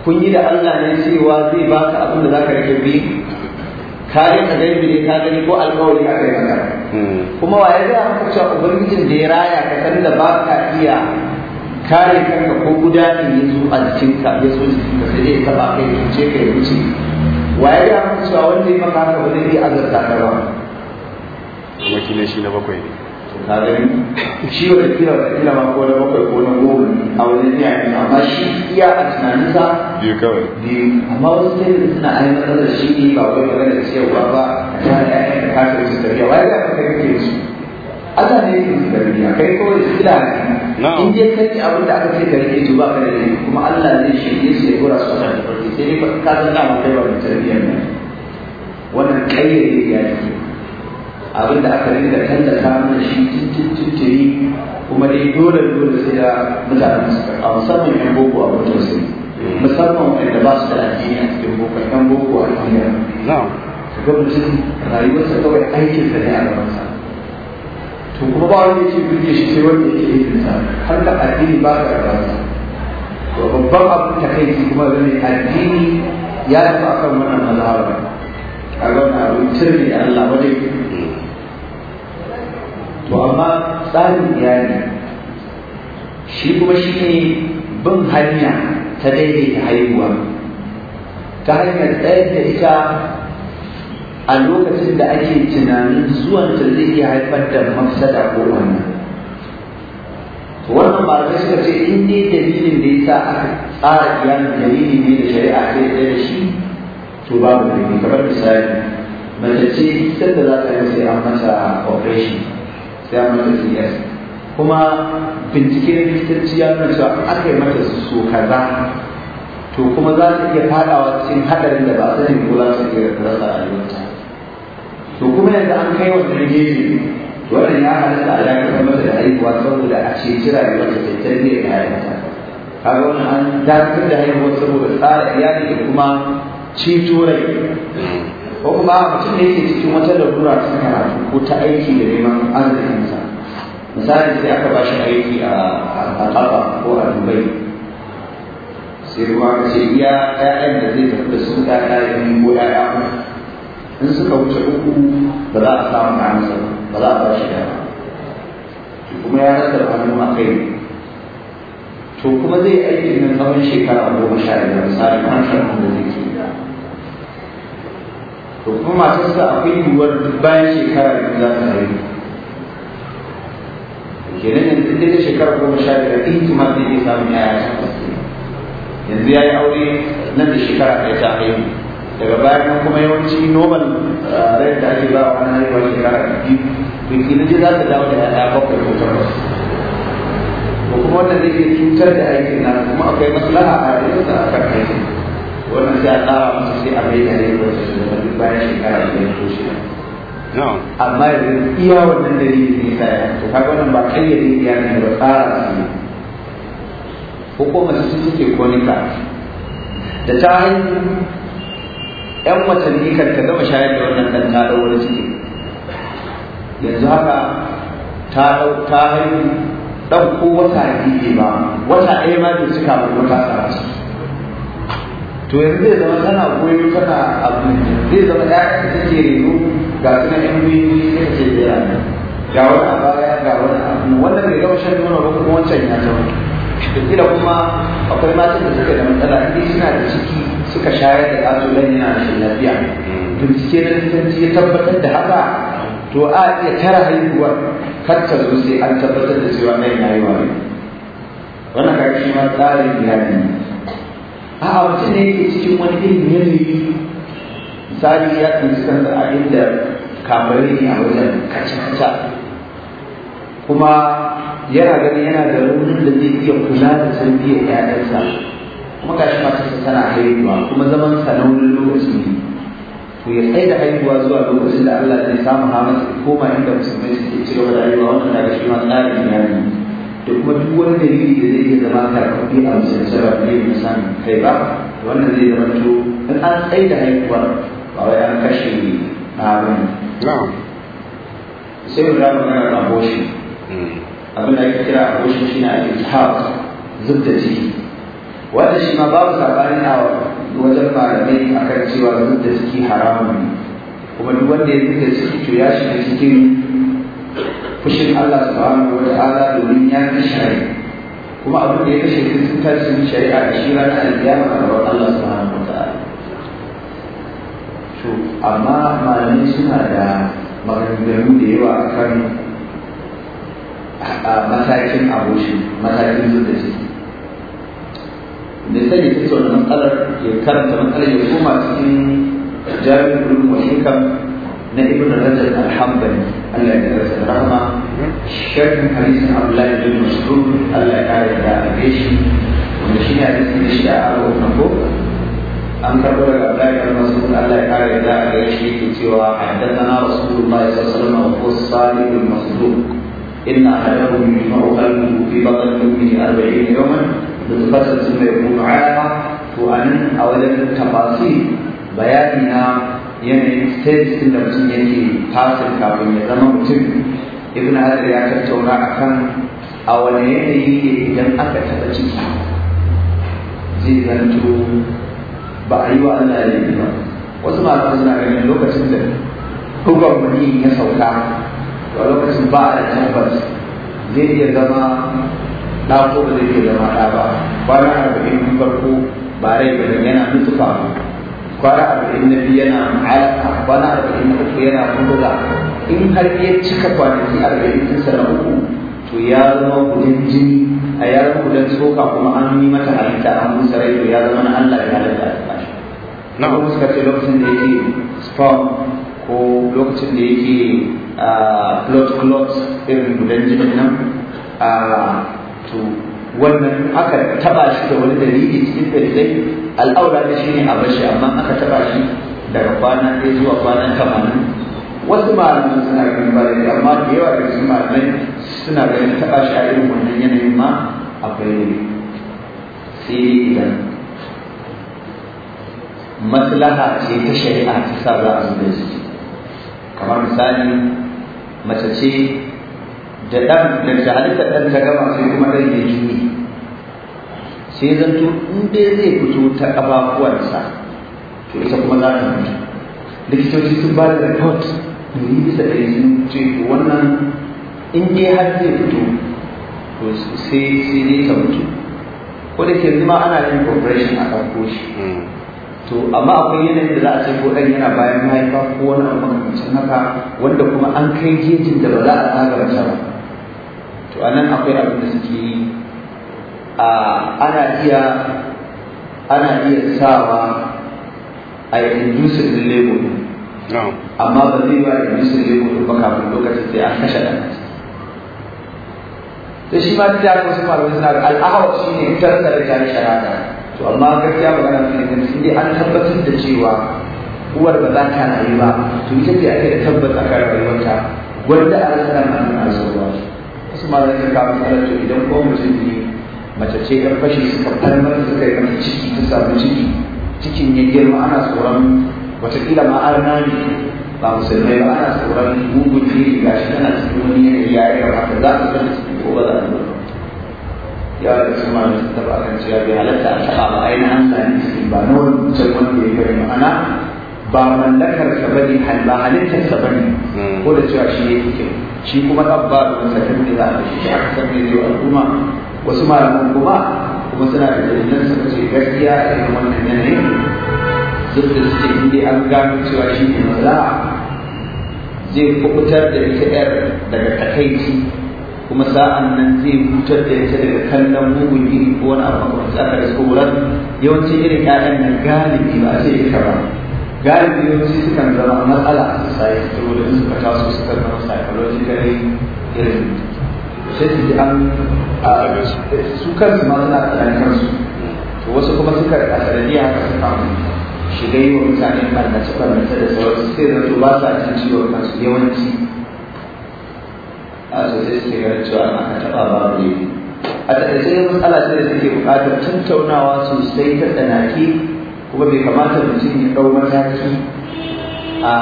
kun yi da Allah ne cewa zai baka abin da za ka rike biyu tarihin da zai ne ka gani ko alkawari a kai maka hmm. kuma wa ya ga maka cewa ubangijin da ya raya ka san da ba ka iya kare kanka ko gudanin ya zo a ka ya so ka sai zai taba kai ya ce ka ya wuce wa ya ga maka cewa wanda ya maka haka wani zai iya azarta ka ba shi na bakwai ne kagani shi wata kila wata kila ma ko na bakwai ko na goma a wajen iya ne amma shi iya a tunaninsa biyu kawai biyu amma wasu ta da suna ainihin da shi ne ba wai magana cewa ba a ta da ya da kasa wasu tafiya wai da kai kake su Allah ne yake su tarbiya kai kawai su kila ne in dai kai abin da aka ce ka rike ba ka da ne kuma Allah zai shirye su ya gora su a kan farki sai dai ka san da mun kai ba mu tarbiya ne wannan kayyade ya ce abin da aka rinka tallata mana shi tuttuturi kuma dai dole dole sai da mutanen su karɓa musamman yan boko a wajen su musamman wanda ba su da addini a cikin boko yan boko a duniya ga mutum rayuwarsa kawai aikinsa ne a gabansa to kuma ba wani yake birge shi sai wanda yake aikinsa har da addini ba ka gabansa to babban abin ta kai kuma zane addini ya tafi akan wannan mazhabar a gaban wannan abin sirri Allah wajen to amma tsarin iyali shi kuma shi ne bin hanya ta daidaita haihuwa ta hanyar tsayar da ita a lokacin da ake tunanin zuwan ta zai iya haifar da mafsada ko wannan wannan malamai suka ce in dai dalilin da sa aka tsara iyalin dalili ne da shari'a ta yi da shi to babu dalili kamar misali mace ce da za ta yi sai an masa operation ya mata siyas kuma bincike na likitanci ya nuna cewa aka yi mata so kaza to kuma za su iya fadawa cikin hadarin da ba sanin ko za su iya rasa rayuwarta to kuma yanzu an kai wannan gefe wannan ya halatta a dakatar kuma da haihuwa saboda a wata rayuwarta ne ya da ta kaga wannan an dakatar da haihuwa saboda tsara iyali da kuma ceto rai ko kuma mutum da yake cikin wata larura ta karatu ko ta aiki da neman arzikinsa misali sai aka ba shi aiki a ƙafa ko a dubai sai kuma ka ce iya ƴaƴan da zai tafi da su ta kayan ko ƴaƴa in suka wuce uku ba za a samu kansa ba za a ba shi dama kuma ya rasa da hannu a kai to kuma zai aiki na tsawon shekara goma sha biyar misali kan shan da zai to kuma matarsa akwai yiwuwar duk bayan shekara biyu za ta haihu kenan yanzu duk da shekara goma sha biyar in kuma zai iya samun yaya ta yanzu ya yi aure nan da shekara ɗaya ta haihu daga baya kuma kuma yawanci noman ah, rai da ake ba wa nan haihuwa shekara biyu na ji za ta dawo da ya bakwai ko takwas ko kuma wannan zai iya cutar da aikin nan kuma akwai maslaha a rayuwarsa a kan aikin wannan sai a tsara masa sai a mai da ne wata shugaba duk bayan da ya amma yanzu iya wannan dalilin to wannan ba ba tsara hukumar su suke konika da ta yan watanni kan ta gama shayar da wannan dan ta ɗau ciki yanzu haka ta ɗau ta haihu ɗan ko wata biyu ba wata ɗaya ma bai cika ba wata tsara to yanzu zai zama tana koyo tana abu zai zama ya ke reno ga suna yan biyu ne take tsaya ga wani a baya ga wani abu wannan bai gama shan nono ba kuma wancan ya zama kila kuma akwai matan da suka da matsala inda suna da ciki suka shayar da dan yana da lafiya bincike na likitanci ya tabbatar da haka to a iya tara haihuwar kar ta zo sai an tabbatar da cewa mai na yi wani wannan kaga shi ma tsarin iyali a mutum ne yake cikin wani irin yanayi misali ya tsinci kansa a inda kamarai ne a wajen kacin kuma yana ganin yana da raunin da zai iya kula da tarbiyyar ƴaƴansa kuma gashi matarsa tana haihuwa kuma zaman sa na lokaci ne Ku ya tsaye da haihuwa zuwa lokacin da Allah zai samu hamata koma inda musulmai suke cire da rayuwa wannan daga shi ma tsarin iyali da kuma duk wani dalili da zai iya zama karfafi a bisa sarrafa ne na samun kai ba wannan zai zama to in an tsaye da haihuwar ba wai an kashe na abin sai mu zama magana abortion hmm. abin da ake kira abortion shine a zub da ciki wanda shi ma babu sabanin a wajen malamai kan cewa da ciki haramun ne kuma duk wanda ya da ciki to ya shiga cikin fushin Allah subhanahu wa ta'ala domin ya fi shari'a kuma abin da ya kashe sun sun tashi sun shari'a a shi ranar alkiyama a gaban Allah subhanahu wa ta'ala to amma malamai suna da maganganu da yawa akan matakin aboshi matakin zuwa da ciki da sani ta tsoron matsalar ya karanta matsalar ya koma cikin jami'in wasu kan na ibn rajab al-hanbali Allah ya karasa rahma shakkin hadisin abdullahi bin mas'ud Allah ya kare da gare wanda shi ne hadisin da shi a aro na ko an karɓo daga mas'ud Allah ya cewa haddathana rasulullahi sallallahu alaihi wasallam wa yanayin status da mutum yake fasin kafin ya zama mutum ibn hajar ya tattauna a kan a wani yanayi ne idan aka taɓa ciki zai zanto ba a yi wa Allah ya ba wasu masu suna ganin lokacin da hukar wani ya sauka a lokacin ba a tabbas zai iya zama ɗa ko ba zai iya zama ɗa ba bayan arba'in farko ba rai ba yana nutufa kwana arba'in na biyu yana alaka kwana arba'in na uku yana buga in har ya cika kwanaki arba'in din sa na uku to ya zama kudin jini a ya zama kudin tsoka kuma an yi mata halitta an musa rai to ya zama na Allah ya halitta a kashi na kuma suka ce lokacin da yake sperm ko lokacin da yake ah, blood clots irin gudan jinin nan ah, to wannan aka taba shi da wani dalili cikin dalilai al'aura da shi ne a bashi amma aka taba shi daga kwana ɗaya zuwa kwana tamanin wasu malamai suna ganin ba da amma da yawa da su malamai suna ganin taba shi a irin wannan yanayin ma akwai ne sai idan maslaha ce ta shari'a ta sa za a zuba su kamar misali mace ce da ɗan da halittar ɗan ta gama sai kuma ɗan ya sai to in dai zai fito ta ƙafafuwarsa to ita kuma za ta mutu likitoci sun ba da report ɗari bisa ɗari sun ce wannan in dai har zai fito to sai sai dai ta mutu ko da ke zama ana yin operation a ɗauko shi hmm. to amma akwai yanayin da za a ce ko ɗan yana bayan mahaifa ko wani abu makamancin haka wanda kuma an kai gejin da ba za a tsaga ba to anan akwai abin da suke yi ana iya ana iya sawa a yi indusin lebo amma ba zai ba indusin lebo ba kafin lokacin sai an kashe ɗan sai shi ma ta ko su malamai suna da al'ahawar shi ne ta rasa da tare shahada to amma gaskiya magana su ne da dai an tabbatar da cewa uwar ba za ta rayu ba to ita ce ake da tabbata kan rayuwarta wanda a rasa nan an rasuwa wasu ma sun kafin matsalar to idan ko mutum ne mace ce yan fashi suka farmar suka yi kan ciki ta samu ciki cikin ya girma ana tsoron watakila ma arna ne ba musulmai ba ana tsoron mugun jiri ga shi tana cikin wani yanayi ya yi ba kamata za su zama cikin ko ba za su zama ya da su ma da ta a kan cewa bai halatta a taɓa ba ainihin an sami cikin ba na wani mutum wanda ya gari ma'ana ba mallakar sa ba ne ba halittar sa ba ne hmm. ko da cewa shi ya yi shi kuma ɗan ba da wani sakin da za a shi haka san ne zai al'umma wasu malaman kuma kuma suna da dalilan su ce gaskiya a irin wannan yanayin duk da suke inda an gano cewa shi ne maza zai kubutar da ita yar daga takaici kuma sa'an nan zai hutar da ita daga kallon mugun iri ko wani abu makamancin aka rasu wurin yawancin irin ƴaƴan nan galibi ba sai ita ba galibi yawanci sukan zama matsala a society saboda in suka taso kan zama psychologically irin sai su ji an a su kansu ma suna tsanan kansu to wasu kuma suka a sanadiyya haka suka shiga yi wa mutane barnace barnace da sauransu sai zato ba sa cin ciwon kansu yawanci a sai suke ganin cewa aka taɓa ba ne a taƙaice dai matsala ce da take buƙatar tattaunawa sosai ta tsanaki kuma bai kamata mutum ya ɗau mataki a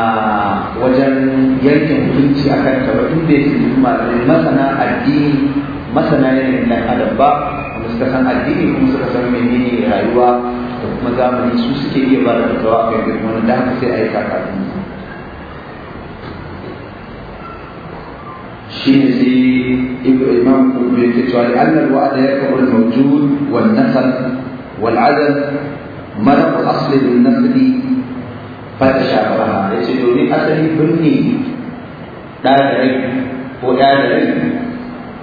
wajen yankin hukunci akan ta ba in bai tuntuɓi malamai masana addini masana yanayin dan adam ba wanda suka san addini kuma suka san menene rayuwa da kuma zamani su suke iya ba da fatawa a kan irin wannan da haka sai a yi kakakin shi ne sai imam kuma yake cewa da annal wa'ada ya kabar mawjud wal nasal wal adad malak asli ta shafa. fa tashabaha yace domin asali birni, da da rai ko ɗaya da rai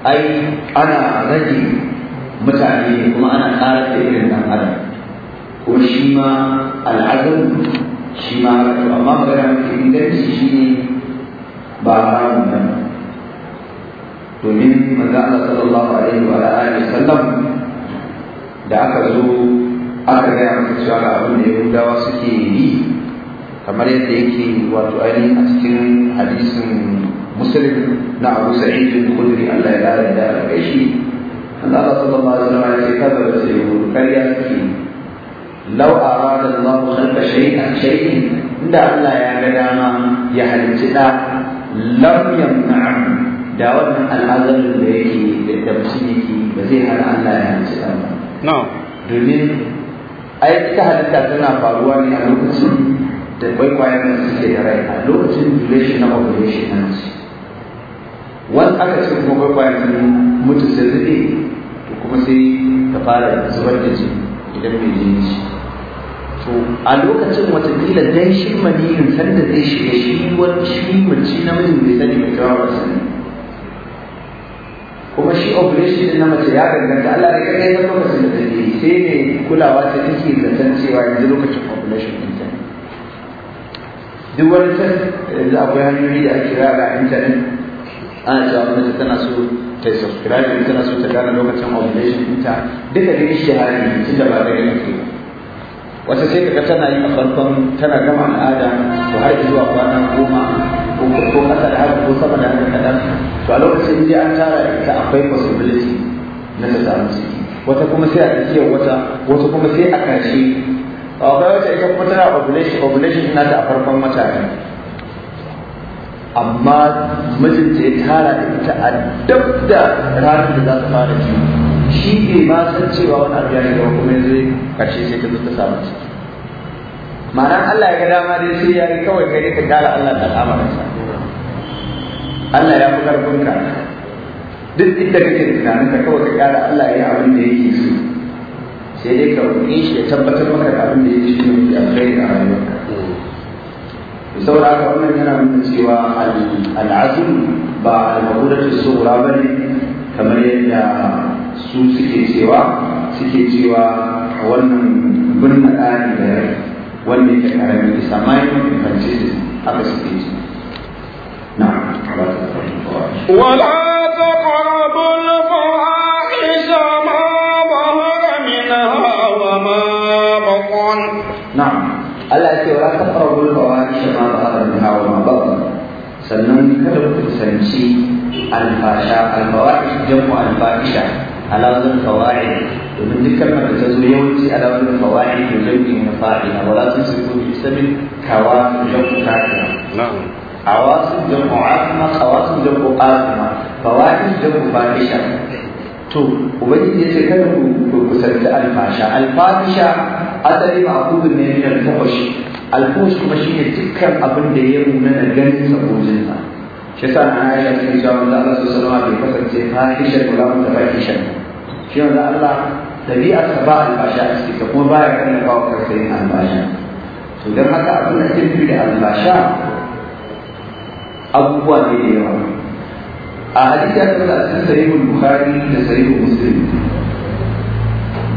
ai ana rage mutane kuma ana ƙara da irin nan adam kuma shi ma al'adun shi ma rato amma magana mafi inganci shi ne ba haramun nan domin manzo Allah sallallahu alaihi wa alihi sallam da aka zo aka gaya maka cewa ga abin da Yahudawa suke yi kamar yadda yake wato ainihin a cikin hadisin muslim na abu sa'id al-khudri Allah ya dare da kai shi Allah sallallahu alaihi wasallam ya kaza da sai mu kariya take law arada Allah khalqa shay'an shay'in inda Allah ya ga dama ya halicci da lam da wannan al'azarin da yake da damsi yake ba zai hana Allah ya halicci da ita halitta tana faruwa ne a lokacin da kwaikwayon da suke da rai a lokacin duration na operation na wani aka ce kuma gwagwani mutu sai zaɗe to kuma sai ta fara zubar da ji idan mai yi shi to a lokacin watakila dai shi maniyin sanda zai shiga shi wani shi mace namijin bai sani mai kawo ba sani kuma shi operation din na mace ya ganganta Allah da kai ya zama sun zai yi, sai ne kulawa ta take zaton cewa yanzu lokacin population din ta duk wani test da akwai hanyoyi da ake raga a internet ana cewa ta tana so ta yi subscribe tana so ta gane lokacin obligation ɗinta duka da ishtihari tun da ba da gani ke wata sai ka tana yi a farkon tana gama al'ada to har zuwa kwana goma ko kasa da haka ko sama da haka kaɗan to a lokacin da an tara ita akwai possibility na ta samu ciki wata kuma sai a tsakiyar wata wata kuma sai a kashe. A wata ita kuma tana ovulation ovulation na ta a farkon wata ne amma mijinta ya tara da ita a duk da ranar da za su fara ji shi ne ba san cewa wani abu ya shiga kuma yanzu karshe sai ta zo ta samu ciki ma'ana Allah ya ga dama dai sai ya yi kawai ne ka kara Allah da sa Allah ya fi karfin ka duk inda kake da tunanin ka kawai ka kara Allah ya yi abin da yake so sai dai ka roƙe shi ya tabbatar maka da abin da yake shi ne a kai a rayuwa. saboda haka wannan yana nuna cewa al'azim ba al-maqulatu ba ne kamar yadda su suke cewa suke cewa wannan birnin ɗani da rai wanda yake karami isa mai mace haka suke ce na ba ta wala نعم Allah ce wa ta fara gulma wa ni shama ba da hawa ma ba sannan kada ku kusanci alfasha alfawahish jamu alfahisha ala wazn fawaid domin duk kalmar ta zo yawanci ala wazn fawaid ke jami'in na fa'ila wala sun su ku bi sabin kawa jamu kafira na'am awasu jamu'a asma awasu jamu'a asma fawaid jamu fahisha to ubangiji ya ce kada ku kusanci alfasha alfasha asali ba abu ne na alfashi alfashi kuma shi ne dukkan abin da ya nuna na ganin sabojin sa shi yasa na aisha cikin cewa wanda Allah su salama bai kasance fahishan ko lamun da fahishan shi wanda Allah dabi'ar sa ba alfasha a cikin kuma ba ya ka kawo karsayin alfasha to don haka abin da ke da alfasha abubuwa ne da yawa a hadisi ya tabbata a cikin sahihul bukhari da sahihul muslim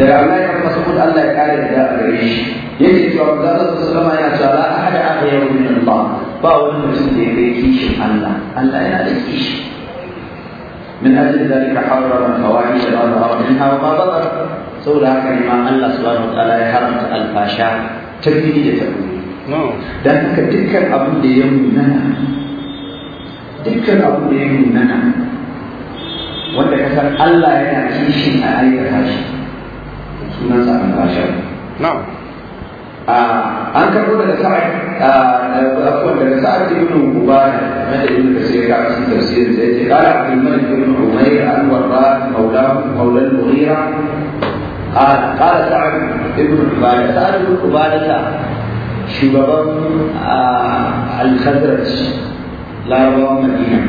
da Abdullahi ibn Mas'ud Allah ya kare da a gare shi yake cewa manzo sallallahu alaihi yana cewa la ahada ahya yawmin Allah ba wani mutum da ya kishin Allah Allah yana da kishi من أجل ذلك حرم ma ما ظهر منها وما بطن سورة كلمة الله سبحانه وتعالى حرم الفاشا تبديل تقول dan haka dukkan abin da ya munana dukkan abu da ya nuna wanda ka san Allah yana kishi a aikata shi sunan sa an bashar na'am an karbo daga sa'ad afwan daga sa'ad ibn ubada da ibn kasir ya cikin tafsirin sai ce qala abdul malik ibn umayr an warra mawla mawla al-mughira قال قال سعد ابن عبادة سعد ابن عبادة shugaban alkhazraj larabawan madina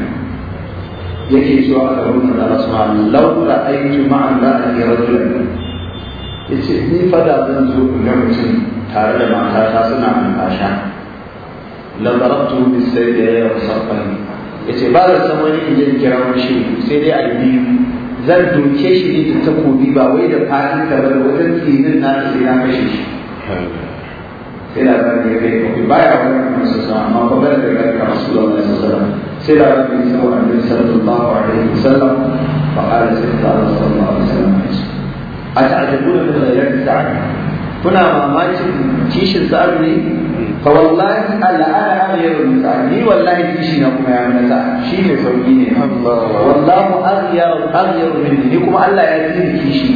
yake cewa a garin da rasuwa laura aiki ma'an da a yi rajulan ya ce ni fada zan zo in ga mutum tare da matata suna ambasha labarabtu bi sai da ya musaffani ya ce ba da samari in je kira shi sai dai a biyu zan doke shi ne ta takobi ba wai da fatan ka ba da wajen tsinin na ta sai na kashe shi sai labarin ya kai kofi baya wani kuma su sa amma ba bada daga ka rasu da wani sallam sai labarin ya sa wa annabi sallallahu alaihi wasallam fa qala sallallahu alaihi wasallam a ta'ajjabuna min ghayrati ta'ad kuna mamakin kishin sa'ad ne fa wallahi al'ana ya min sa'ad ni wallahi kishi na ya ya nata shi ne sauki ne wallahu aghyaru aghyaru min ni kuma Allah ya tsiri kishi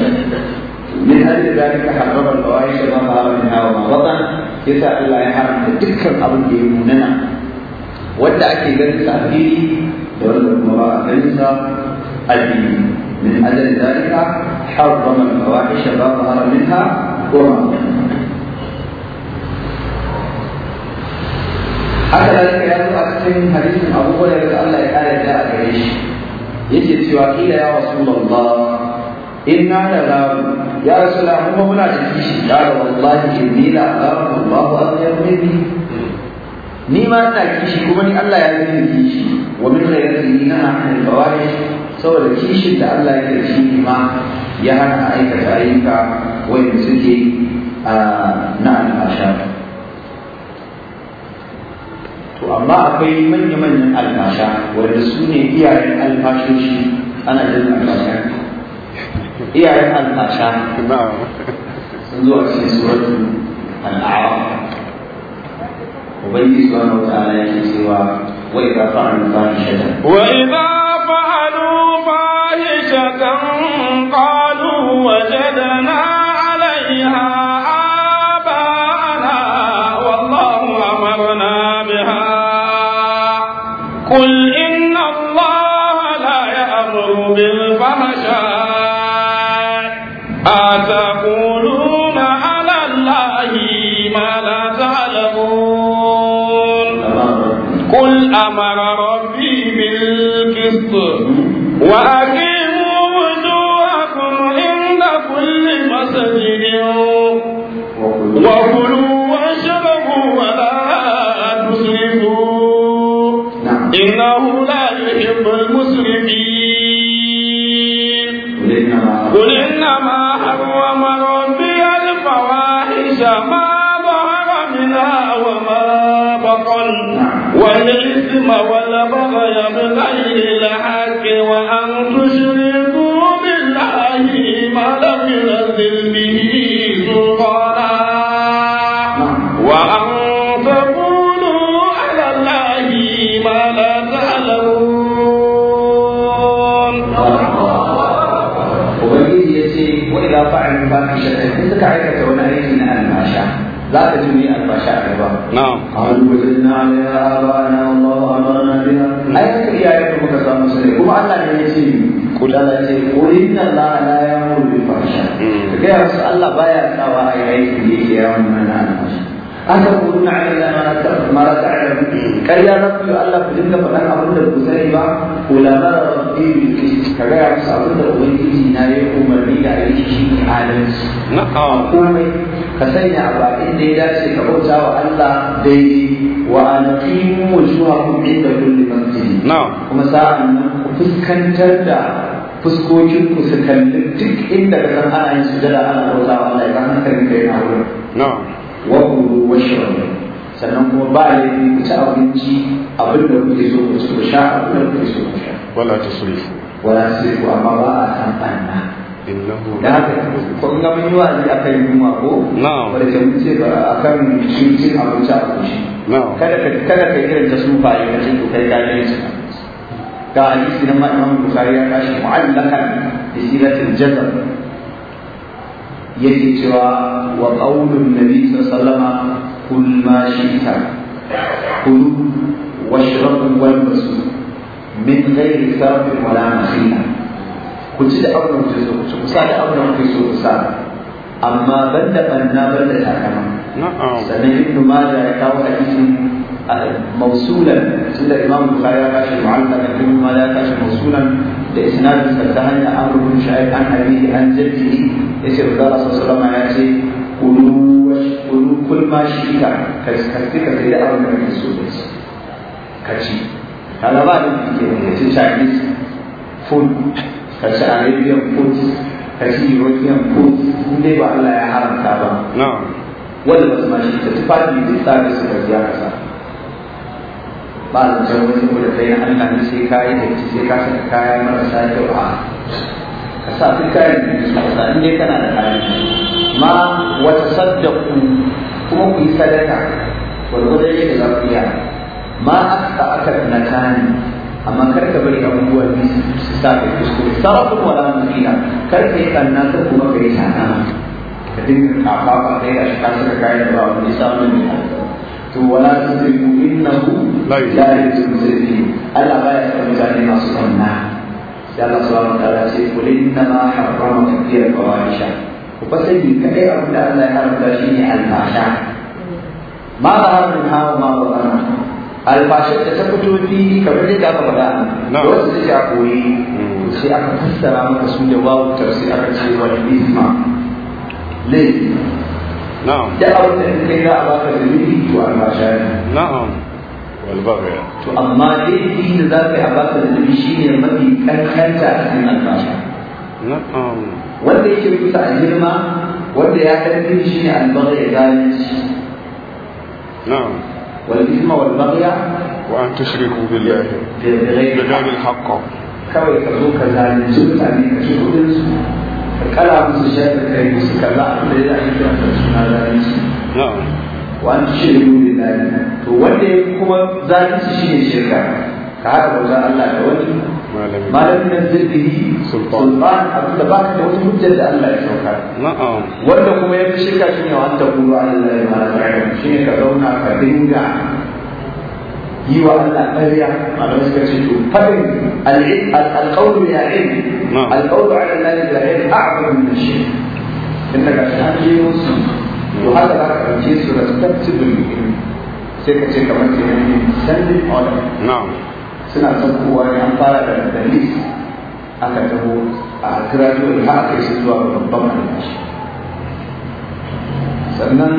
من اجل ذلك حرم الفواحش ما ظهر منها وما بطن يسعى ان يحرم تلك الارض يموننا ودع في ذلك تاثيري تولد المراه ليس الدين من اجل ذلك حرم الفواحش ما ظهر منها وما بطن حتى ذلك يا ابو من حديث ابو هريره قال لك الا جاء جيش يجي يا رسول الله انا لنا ya rasu kuma muna cikin kishi ya da wallahi inni la alamu Allahu ya minni ni ma ina kishi kuma ni Allah ya yi kishi wa min ghayrati na ahli al-fawahish saboda kishin da Allah ya yi shi ma ya hana aikata ayyuka wanda suke na al'asha to amma akwai manya-manyan al'asha wanda sune iyaye iyayen alfashoshi ana jin al'asha iyayen alfasha sun zo a cikin suratu al'awa ubangiji subhanahu wa ta'ala yake cewa wa idza fa'alu fahishatan wa idza suka aikata wani aiki na almasha za ka ji mai almasha a gaba qalu wajadna ala abana Allah amarna biha ai ka da muka samu su ne kuma Allah ne ya ce kul na ce qul inna Allah la ya'muru bil fahsha hmm. ga Allah baya sawa ai aiki yake yawan na almasha أتقولون على الله ما لا ما لا تعلم كريا ربي الله بدنا فلان أبدا بسرعة با ولا ما ربي بالكيس كريا بس أبدا وينتي جناية ومرمي عليه شيء عالم نعم قومي فسينا أبا إن ديدا سيكبوتا والله ديدي وأن قيموا وجوهكم عند كل مسجد نعم ومساء أنكم فسكنتر دا fuskokin ku su kalli duk inda ka san ana yin sujada ana bauta wa Allah ya kan hankali kai na wurin wa kulu sannan kuma ba yi ku ci abinci abin da kuke so ku ci ku sha abin da kuke so ku sha wala tusrifu wala tusrifu amma ba a san banna da haka ko in ga mun yi wa'azi akan yunwa ko wanda ke mun ba akan cin cin abinci a kushi kada ka kada ka irin ta sufa yi ka ku kai ka yi ci ga hadisi na Imam Bukhari ya kashi mu'allakan bi silatil jazab yake cewa wa qaulun nabi sallama kun ma shi ta, shi'ta kul washrabu wanda su min ghairi kafin wala masina, ku ci da abin da so ku ci ku sa da abin da so ku sa amma banda banna banda takama sannan ibnu majah ya kawo hadisin موصولا سيدنا الامام البخاري قال معلقا ثم لا كاش موصولا da isnadin sa ta hanyar amurkun bin an an da an jaddihi ya ce sallallahu alaihi salama ya ce kulu kulma shi ma shi'ita ka kaske ka kai da abin da kake so da shi ka ci kaga ba da kike da shi Chinese food ka ci Arabian food ka ci European food inda ba Allah ya haramta ba na'am wanda ba su ma shi ta tufafi duk tsarin su ka ziyara sa ba a zancen wani saboda kai na Allah ne sai ka yi da ita sai ka saka kaya marasa kyau a ka sa duk kayan da su ka sa in dai kana da kayan ma wata saddaku kuma ku yi sadaka gwargwadon yadda za ku iya ma aka aka na kani amma kar ka bari abubuwa biyu su sa ka kuskure sarrafa wala mutila kar ka yi kanna ka kuma ka yi tana ka dinga kafa ba kai da shi ka saka kayan da ba wani samun ne to wala tudriku innahu la yuzil muslimin Allah baya son mutane masu banna sai Allah subhanahu wa ta'ala ce kul inna ma harrama kathira fawahisha ku fasani Allah ya haramta shine alfasha ma ba haramun hawa ma ba bana alfasha da ta fito fili kamar yadda aka faɗa wasu a koyi sai aka fassara maka su da wawu sai aka isma laifi na'am da abin da kai za a baka da to alfasha والبغي to amma laifi da za ka yi a baka zunubi shine mafi kankanta a cikin alfasha wanda yake rubuta a girma wanda ya karfi shine albaghi zalunci na'am wal isma wal baghy wa an tushriku billahi bighayri al-haqq kawai ka zo ka zalunci mutane ka ci kudin su ka kala musu shafi yi suna wa an shirku billahi to wanda ya kuma shi ne shirka ka haɗa wajen Allah da wani malamin nan zirgiri sultan abin da baka da wata hujjar da Allah ya sauka wanda kuma ya fi shirka shine wa an ta guru Allah ya malaka shine ka zauna ka dinga yi wa Allah ƙarya malamai suka ce to fadin alƙawlu ya yi, alƙawlu ala Allah da ilmi a'budu min shirk inda ka shi ake yi musu to haka za ka ɗauke su respectable ilmi sai ka ce kamar ke yi sending order suna son kowa ne an fara da da aka taho a graduate har aka yi zuwa babban albashi sannan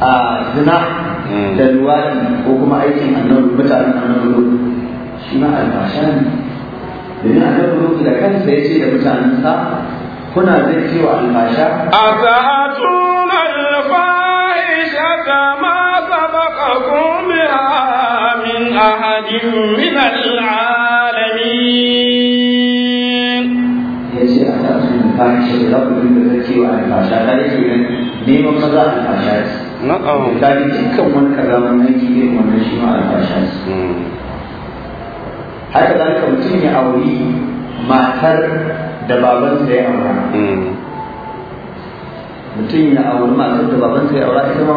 a zina mm. da luwaɗi ko kuma aikin annabi mutanen annabi shi ma albasha ne domin annabi da kansa ya ce da mutanensa kuna zai kewa albasha a من العالمين yace a ta su bayan shi da ku da cewa alfasha ta yake nan neman kaza alfasha ce na'am da dukkan wani kaza wannan yake wannan mutum ya auri matar da babansa ya mutum ya auri matar sai aura ita ma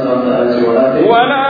wannan hmm. Wala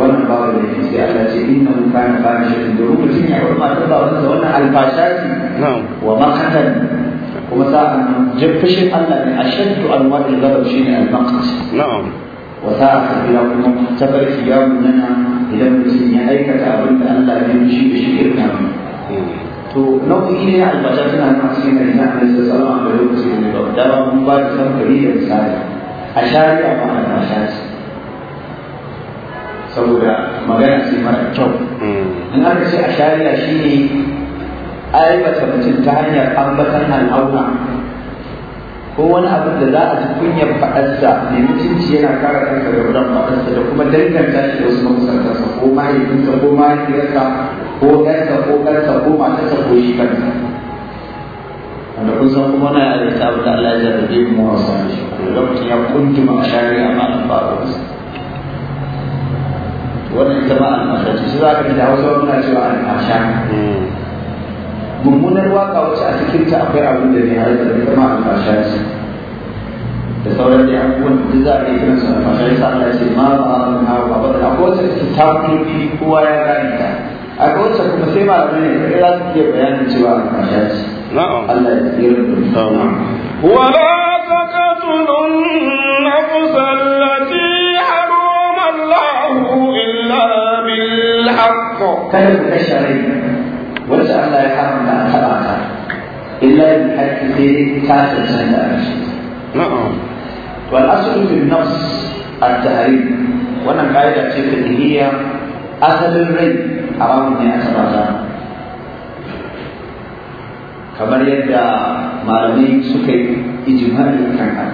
wannan babu da yake sai Allah ce inna mun kana shi da mutum ya bar matar ba wannan wannan alfasha ce wa maqatan kuma sa'an jaffashin Allah ne ashaddu anwa'il ghadab shine al-maqat na'am wa sa'a ila kuma tabarki ya munana idan mutum ya aikata abin da Allah ya shi da shi irka hmm. to nau'i ne na albasha suna nan cikin da ina da sallama a lokacin da ba da ba mun ba da samfari da misali a shari'a ba a shari'a saboda magana ce mara kyau hmm. in aka ce a shari'a shine aibata mutum ta hanyar ambatan al'auna ko wani abin da za a ji kunyar faɗarsa mai mutunci yana kare kansa da wurin faɗarsa da kuma danganta shi da wasu makusantarsa ko mahaifinsa ko mahaifiyarsa ko ɗansa ko ƙarsa ko matarsa ko shi kansa wanda kun san kuma na yare ta abu da Allah ya jarrabe mu wasu da mutum ya kunduma a shari'a ma an faru wannan ita ma alfasha ce shi za ka da hausa muna cewa alfasha mummunar waka wacce a cikin ta akwai abin da ne har da ita ma alfasha ce da sauran da abubuwan da za a yi kiran su alfasha ya sa Allah ya ce ma ba a zan hawa ba da akwai wacce take ta fi kowa ya gane ta akwai wacce kuma sai malamai ne kai za su iya bayanin cewa alfasha ce Allah ya tsira da su. Wala taqatulun nafsal kada ku kashe rai wacce Allah ya haramta a taɓa ta illa bi haƙƙi ta cancanta a shi wal aslu fil nafs at-tahrim wannan ka'ida ce fiqhiyya asalin rai haramun ne a taɓa ta kamar yadda malamai suka yi ijma'i kan haka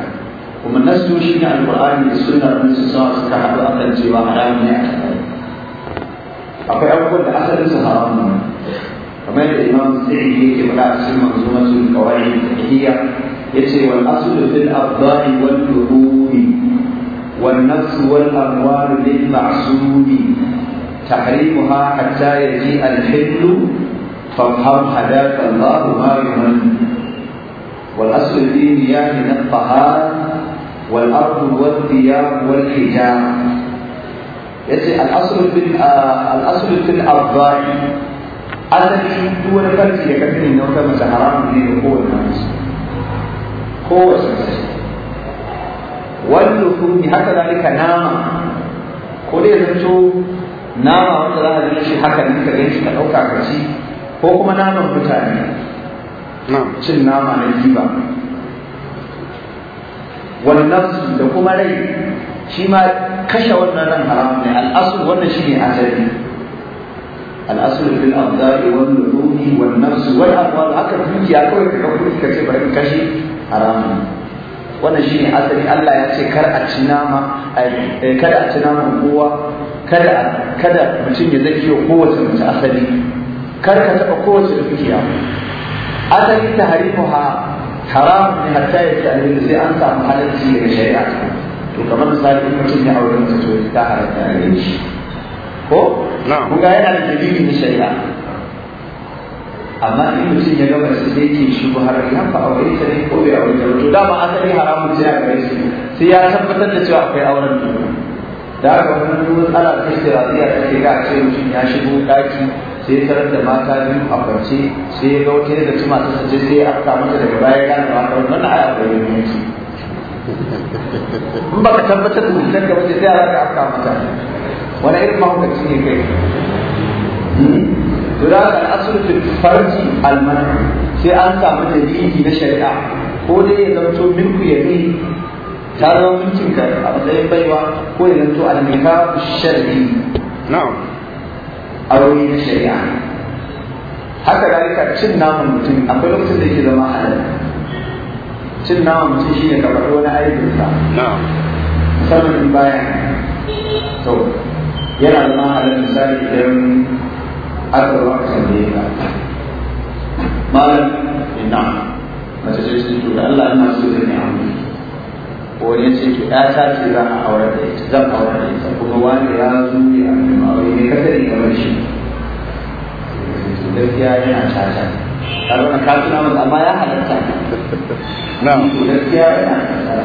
kuma nasu shi ne alƙur'ani da sunnar nasu sawa suka haɗu akan cewa haramun ne a taɓa akwai abubuwan da asalin su haramun ne kamar da imam zai yake faɗa a cikin manzuma sun kawai da tahiyya yace wal aslu fil abdani wal ruhi wal nafs wal amwal lil ma'sumi tahrimuha hatta yaji al hillu fafham hadak Allah ma yuman wal aslu fi niyahi al tahar wal ardu wal thiyab wal hijab yace al-asl fil al-asl fil arda'i asali duk wani farki da ka na wata mace haramun ne ko kowane mace kowace mace wani haka zalika nama ko dai zanto nama wanda za a gina shi haka ne ka gani ka ɗauka ka ci ko kuma naman mutane cin nama na giba wannan da kuma rai shi ma kashe wannan ran haram ne al'asul wannan shi ne asali al'asul fil abdari wal nurumi wal nafs wal amwal haka dukiya kawai ka kafa ka ce bari kashe haram ne wannan shi ne asali Allah ya ce kar a ci nama eh, kada a ci nama kowa kada kada mutum ya zaki wa kowace mace asali kar ka taɓa kowace dukiya asali ta tahrimuha haram ne hatta ya ci sai an samu halarci daga shari'a to kamar misali in mutum ya aure mace to ta halatta a gare shi ko na ga yana da dalili na shari'a amma in mutum ya gama su sai ke shubu har ya fa aure ta ne ko bai aure ta to dama asali haramun ce a gare shi sai ya tabbatar da cewa akwai auren ta da haka wani ala ta shirafiya ta ke ga a ce mutum ya shigo daki sai tarar da mata biyu a kwance sai ya ga wata da tuma ta sace sai ya afka mata daga baya gane ba wannan ai aure ne in ka tabbatar da mutum ka bace zai ka afka mata wani irin mahaukaci ne kai hmm? to da haka farji sai an samu dalili na shari'a ko dai ya zanto minku ya ne ta zama mulkin ka a matsayin baiwa ko ya zanto al-mikahu na'am aure na shari'a haka dalika cin naman mutum akwai lokacin da yake zama halal cin nama mutum shi ne kamar wani aikinsa musamman in baya to yana zama halin misali idan aka zo aka da ya malam ina mace ce ce to Allah ina so zai ne aure ko ne ce to ya ta ce za a aure da ita zan aure da ita kuma wani ya zo ya aure ne kasari kamar shi gaskiya yana caca karon ka tuna masa amma ya halatta na'am to gaskiya yana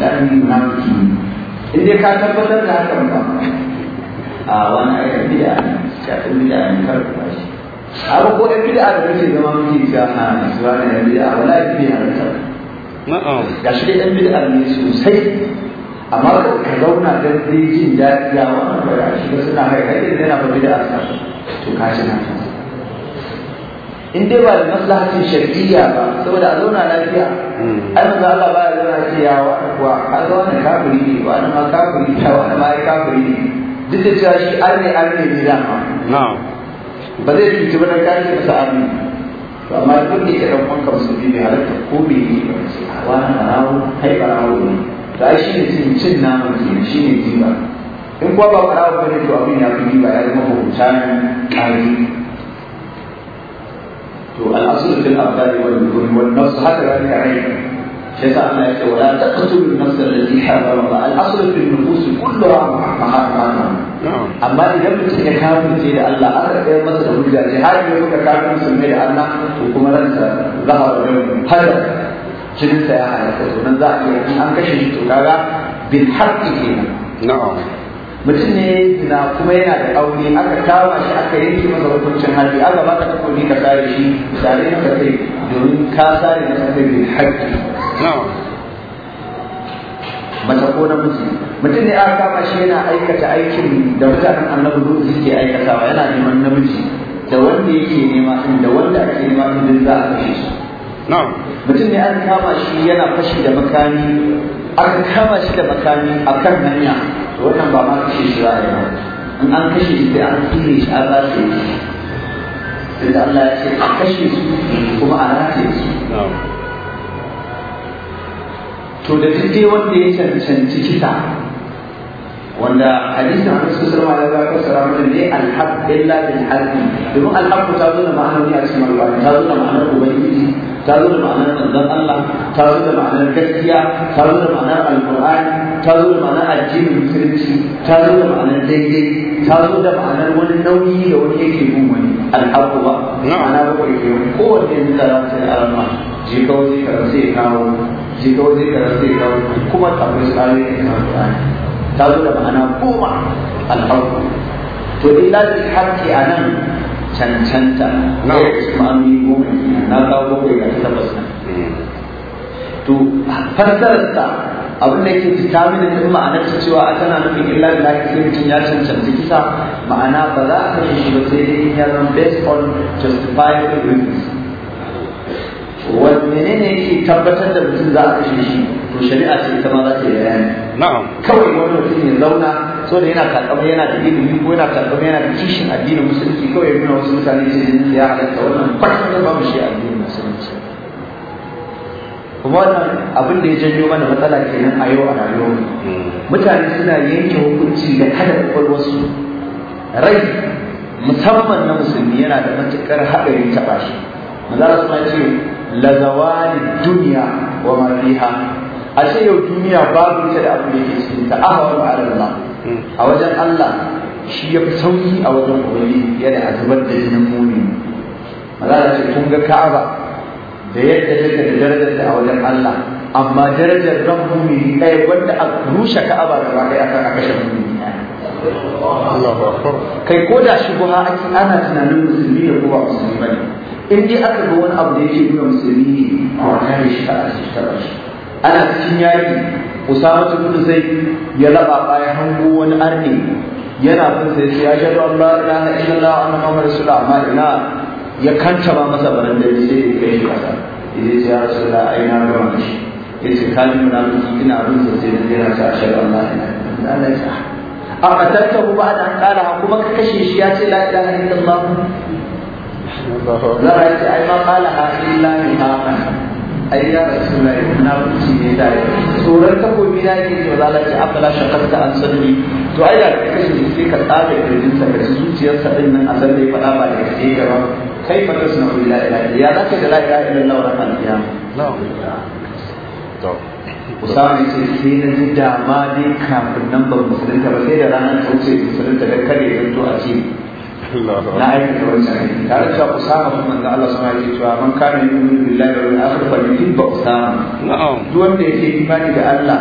dan munafiki in dai ka tabbatar da hakan ba a wani ayyukan bid'a ya ɗan bid'a ne kar ka bashi abu ko ɗan bid'a da kake zama muke ga ha su ba ne bid'a wala ya fi halatta na'am ga shi ɗan ne sosai zauna don jin daɗi da wannan ba shi ba suna kai kai yana ba bid'a to ka ci in dai ba da maslahatin shar'iyya ba saboda a zauna lafiya hmm. ai manzo Allah ba ya zauna ce ya wa kuwa a ga ne kafiri ne wa ma kafiri ta wa ma ya kafiri ne duk da cewa shi arne arne ne da ma ba zai cuci ba dan kai masa arne to amma duk da ke dan wanka musulmi ne halatta ko me ne ba sai hawa na rawo kai barawo ne to ai shi ne cin namun ne shi ne jiba in kuwa ba barawo bane to abin ya fi ba ya zama ta ne kai to al'asul fil abdani wal nuhuri wal nafs haka rani ayi shi yasa Allah yake wala taqtulu an-nafs allati harrama Allah al'asul fil nufus kulluha muharrama amma idan mutum ya kafirce da Allah aka kai masa da hujja ce har ne kuka kafirce musulmai da Allah to kuma ransa zahara da har jininsa ya halaka to nan za a iya an kashe shi to kaga bil haqqi kenan na'am mutum ne zina kuma yana da aure aka kama shi aka yanke masa hukuncin harbi aka ba ka takobi ka sare shi sare ka kai domin ka sare na sakai bin haƙƙi mace ko namiji mutum ne aka kama shi yana aikata aikin da mutanen annabi dutse suke aikatawa yana neman namiji da wanda yake nema din da wanda ake nema din za a kashe su mutum ne aka kama shi yana fashi da makami an kama shi da makami a kan hanya wannan ba ma kashe shi ba ne in an kashe shi sai an tsire shi an rataye shi tunda Allah ya ce a kashe su kuma a rataye su to da duk dai wanda ya cancanci kita wanda hadisin an su sallama da za ko sallama da ne alhaq illa bil haqq domin alhaq ta zo da ma'anar ne a cikin alqur'ani ta zo da ma'anar ubangiji ta da ma'anar manzon Allah ta da ma'anar gaskiya ta da ma'anar alqur'ani ta da ma'anar addinin musulunci ta da ma'anar daidai ta da ma'anar wani nauyi da wani yake bin wani alhaku ba ma'ana ba kai ke wani kowanne yanzu da za ta yi alama je ka waje ka rasa kawo je ka waje ka rasa kawo kuma ta fi tsari da ina alqur'ani ta da ma'ana goma alhaku to illa da hakki a nan cancanta na ma'amuli goma na kawo da ya ta tabbas nan eh. to fassararsa abin da yake fita mini da ma'anar ta cewa tana nufin illa da lafi sai mutum ya cancanci kisa ma'ana ba za a kashe shi ba sai dai ya zama based on justifiable reasons wanne ne yake tabbatar da mutum za a kashe shi to shari'a ce ita ma za ta yi bayani kawai wani mutum ya zauna so da yana kalbama yana da ilimi ko yana kalbama yana da kishin addinin musulunci kawai yana nuna wasu mutane ce ya halatta wannan ba babu shi addinin musulunci kuma wannan abin da ya janyo mana matsala kenan a yau a rayuwar hmm. mutane suna yanke hukunci da kada kwakwalwarsu rai musamman na musulmi yana da matukar haɗari taɓa shi maza su ma ce lazawali duniya wa mafiha a ce yau duniya babu ta da abin da ke cikin ta ahawar Allah a wajen Allah shi ya fi sauki a wajen ubangiji yana a zubar da jinin muni maza da kun ga ka'aba da yadda take da darajar da a wajen Allah amma darajar ran muni ɗaya wanda a rushe ka'aba da ba ya a kashe muni kai ko da shi buha ake ana tunanin musulmi da kuma musulmi ba in dai aka ga wani abu da yake nuna musulmi ne a wannan shi ta ana cikin yaki usama ta ibn sai ya raba bayan hangu wani arni yana bin sai ya shaɗu Allah ya la ilaha illallah wa anna muhammadar rasulullah amma ina ya kanta ba masa baran da sai ya kai shi kasa idan ya rasulullah ai na ga wani shi yace kalmi munafiki ina bin sa sai da yana ta shaɗu Allah ina Allah ya ah, a qataltahu ba'da an qala kuma ka kashe shi ya ce la ilaha illallah Allah ya ce ai ma qala illa biha ai ya bai suna na kuci ne da ya tsoron bi na yake ne zala ce shakar shakka an sanni to ai da kashe ne sai ka tsaka kudin sa ka zuciyar sa din nan a san da faɗa ba da kake ga ba kai ba ka sanu la ilaha ya zaka da la ilaha illallah wa rabbul qiyamah to Usama ce sai na ji dama dai kafin nan ba musulunta ba sai da ranar ta wuce musulunta da kare zanto a ce na aikata wancan aiki da Allah man kana yu'minu billahi wal yawmil akhir fa yuhibbu usama na'am duk wanda yake da Allah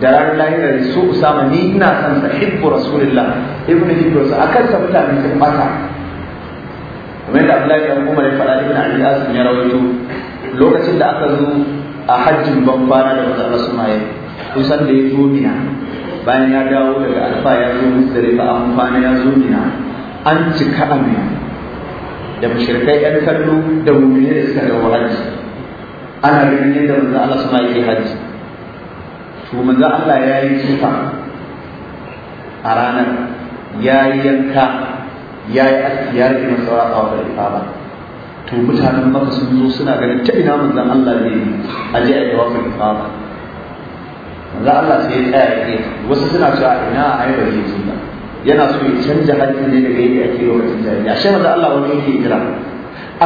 da su usama ni ina son sa hibbu rasulullah ibnu hibbu akan sa mutane sun mata kamar da Abdullahi bin Umar ya faɗa ibn Ali ya rawaito lokacin da aka zo a hajjin bambana da manzo Allah kusan da ya zo mina bayan ya dawo daga alfa ya zo musdalifa an kwana ya zo mina an cika amin da mushrikai yan kallo da mummune da suka dawo hajji ana ganin yadda manzo Allah suna yi hajji to manzo Allah ya yi kifa a ranar ya yi yanka ya yi aski ya rike masa a wata da to mutanen maka sun zo suna ganin ta ina manzon Allah ne a je a yi wa ifaba manzo Allah sai ya tsaya ya wasu suna cewa ina a yi ba zai yana so ya canza hali ne daga yadda ake jari jahiliya shi maza Allah wani yake hijira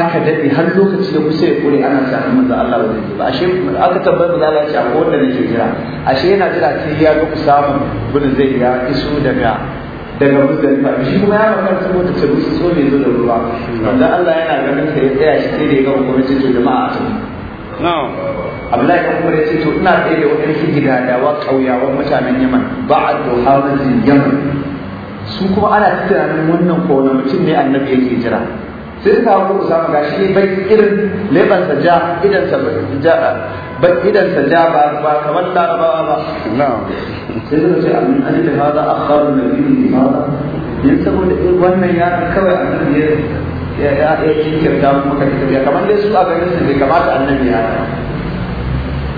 aka daɗe har lokaci da kusa ya kore ana sa maza Allah wani yake ba ashe aka tabbar maza Allah ce akwai wanda ke jira ashe yana jira sai ya ga samun gudu zai ya iso daga daga muzdalifa shi kuma ya makar ta so ne ruwa wanda Allah yana ganin ya tsaya shi sai da ya ga gwamnati jama'a Abdullahi kan kuma ce to ina tsaye da wani gidadawa ƙauyawan mutanen Yaman ba'ad da hawazin Yaman su kuma ana tunanin wannan ko wani mutum ne annabi yake jira sai suka hau ku samu gashi bai irin lebansa ja idansa ja ba idansa ja ba ba kamar larabawa ba sai suka ce amin an da za hada akharu nabiyyi ne ba yin saboda wannan yaran kawai annabi ya ya ya kirkirta muka kirkirta kamar dai su a ganin su bai kamata annabi ya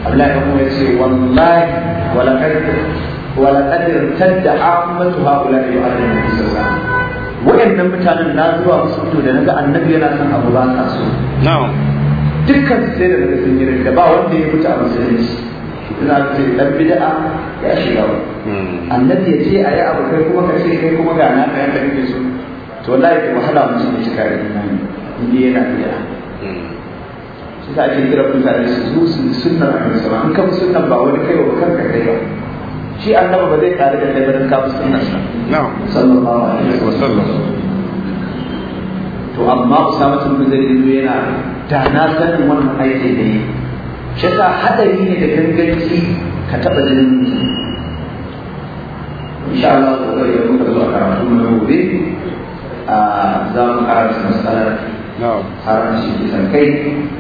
Abdullahi ya ce wallahi walakar ولقد ارتد عامة هؤلاء يؤذن النبي صلى الله عليه وسلم wa'annan mutanen na zuwa su fito da naga annabi yana son abu ba sa so na'am dukkan sai da naga sun yi da ba wanda ya fita a musulunci ina ce dan bid'a ya shiga annabi ya ce ayi abu kai kuma ka ce kai kuma ga na kai da kake so to wallahi ke wahala mutum ya shiga imani inda yana bid'a shi ta ake kira mutane su su sunnar annabi sallallahu alaihi wasallam sunnar ba wani kai ba kanka kai ba shi annabi ba zai kare da labarin kafin sallallahu alaihi to amma usama tun zai yana na sanin wannan aikin da yi shi sa hadari ne da ganganci ka taɓa jinin mutum insha Allah ko kai yau da zuwa karatu na gobe a za mu masalar kisan kai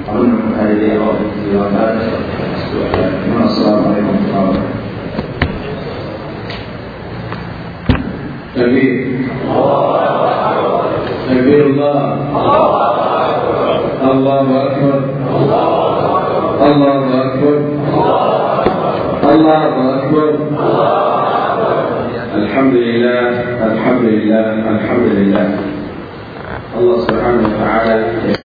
abin da mutane da yawa da ke yawa da su a cikin assalamu تكبير تكبير الله الله أكبر الله أكبر الله أكبر الحمد لله الحمد لله الحمد لله الله سبحانه وتعالى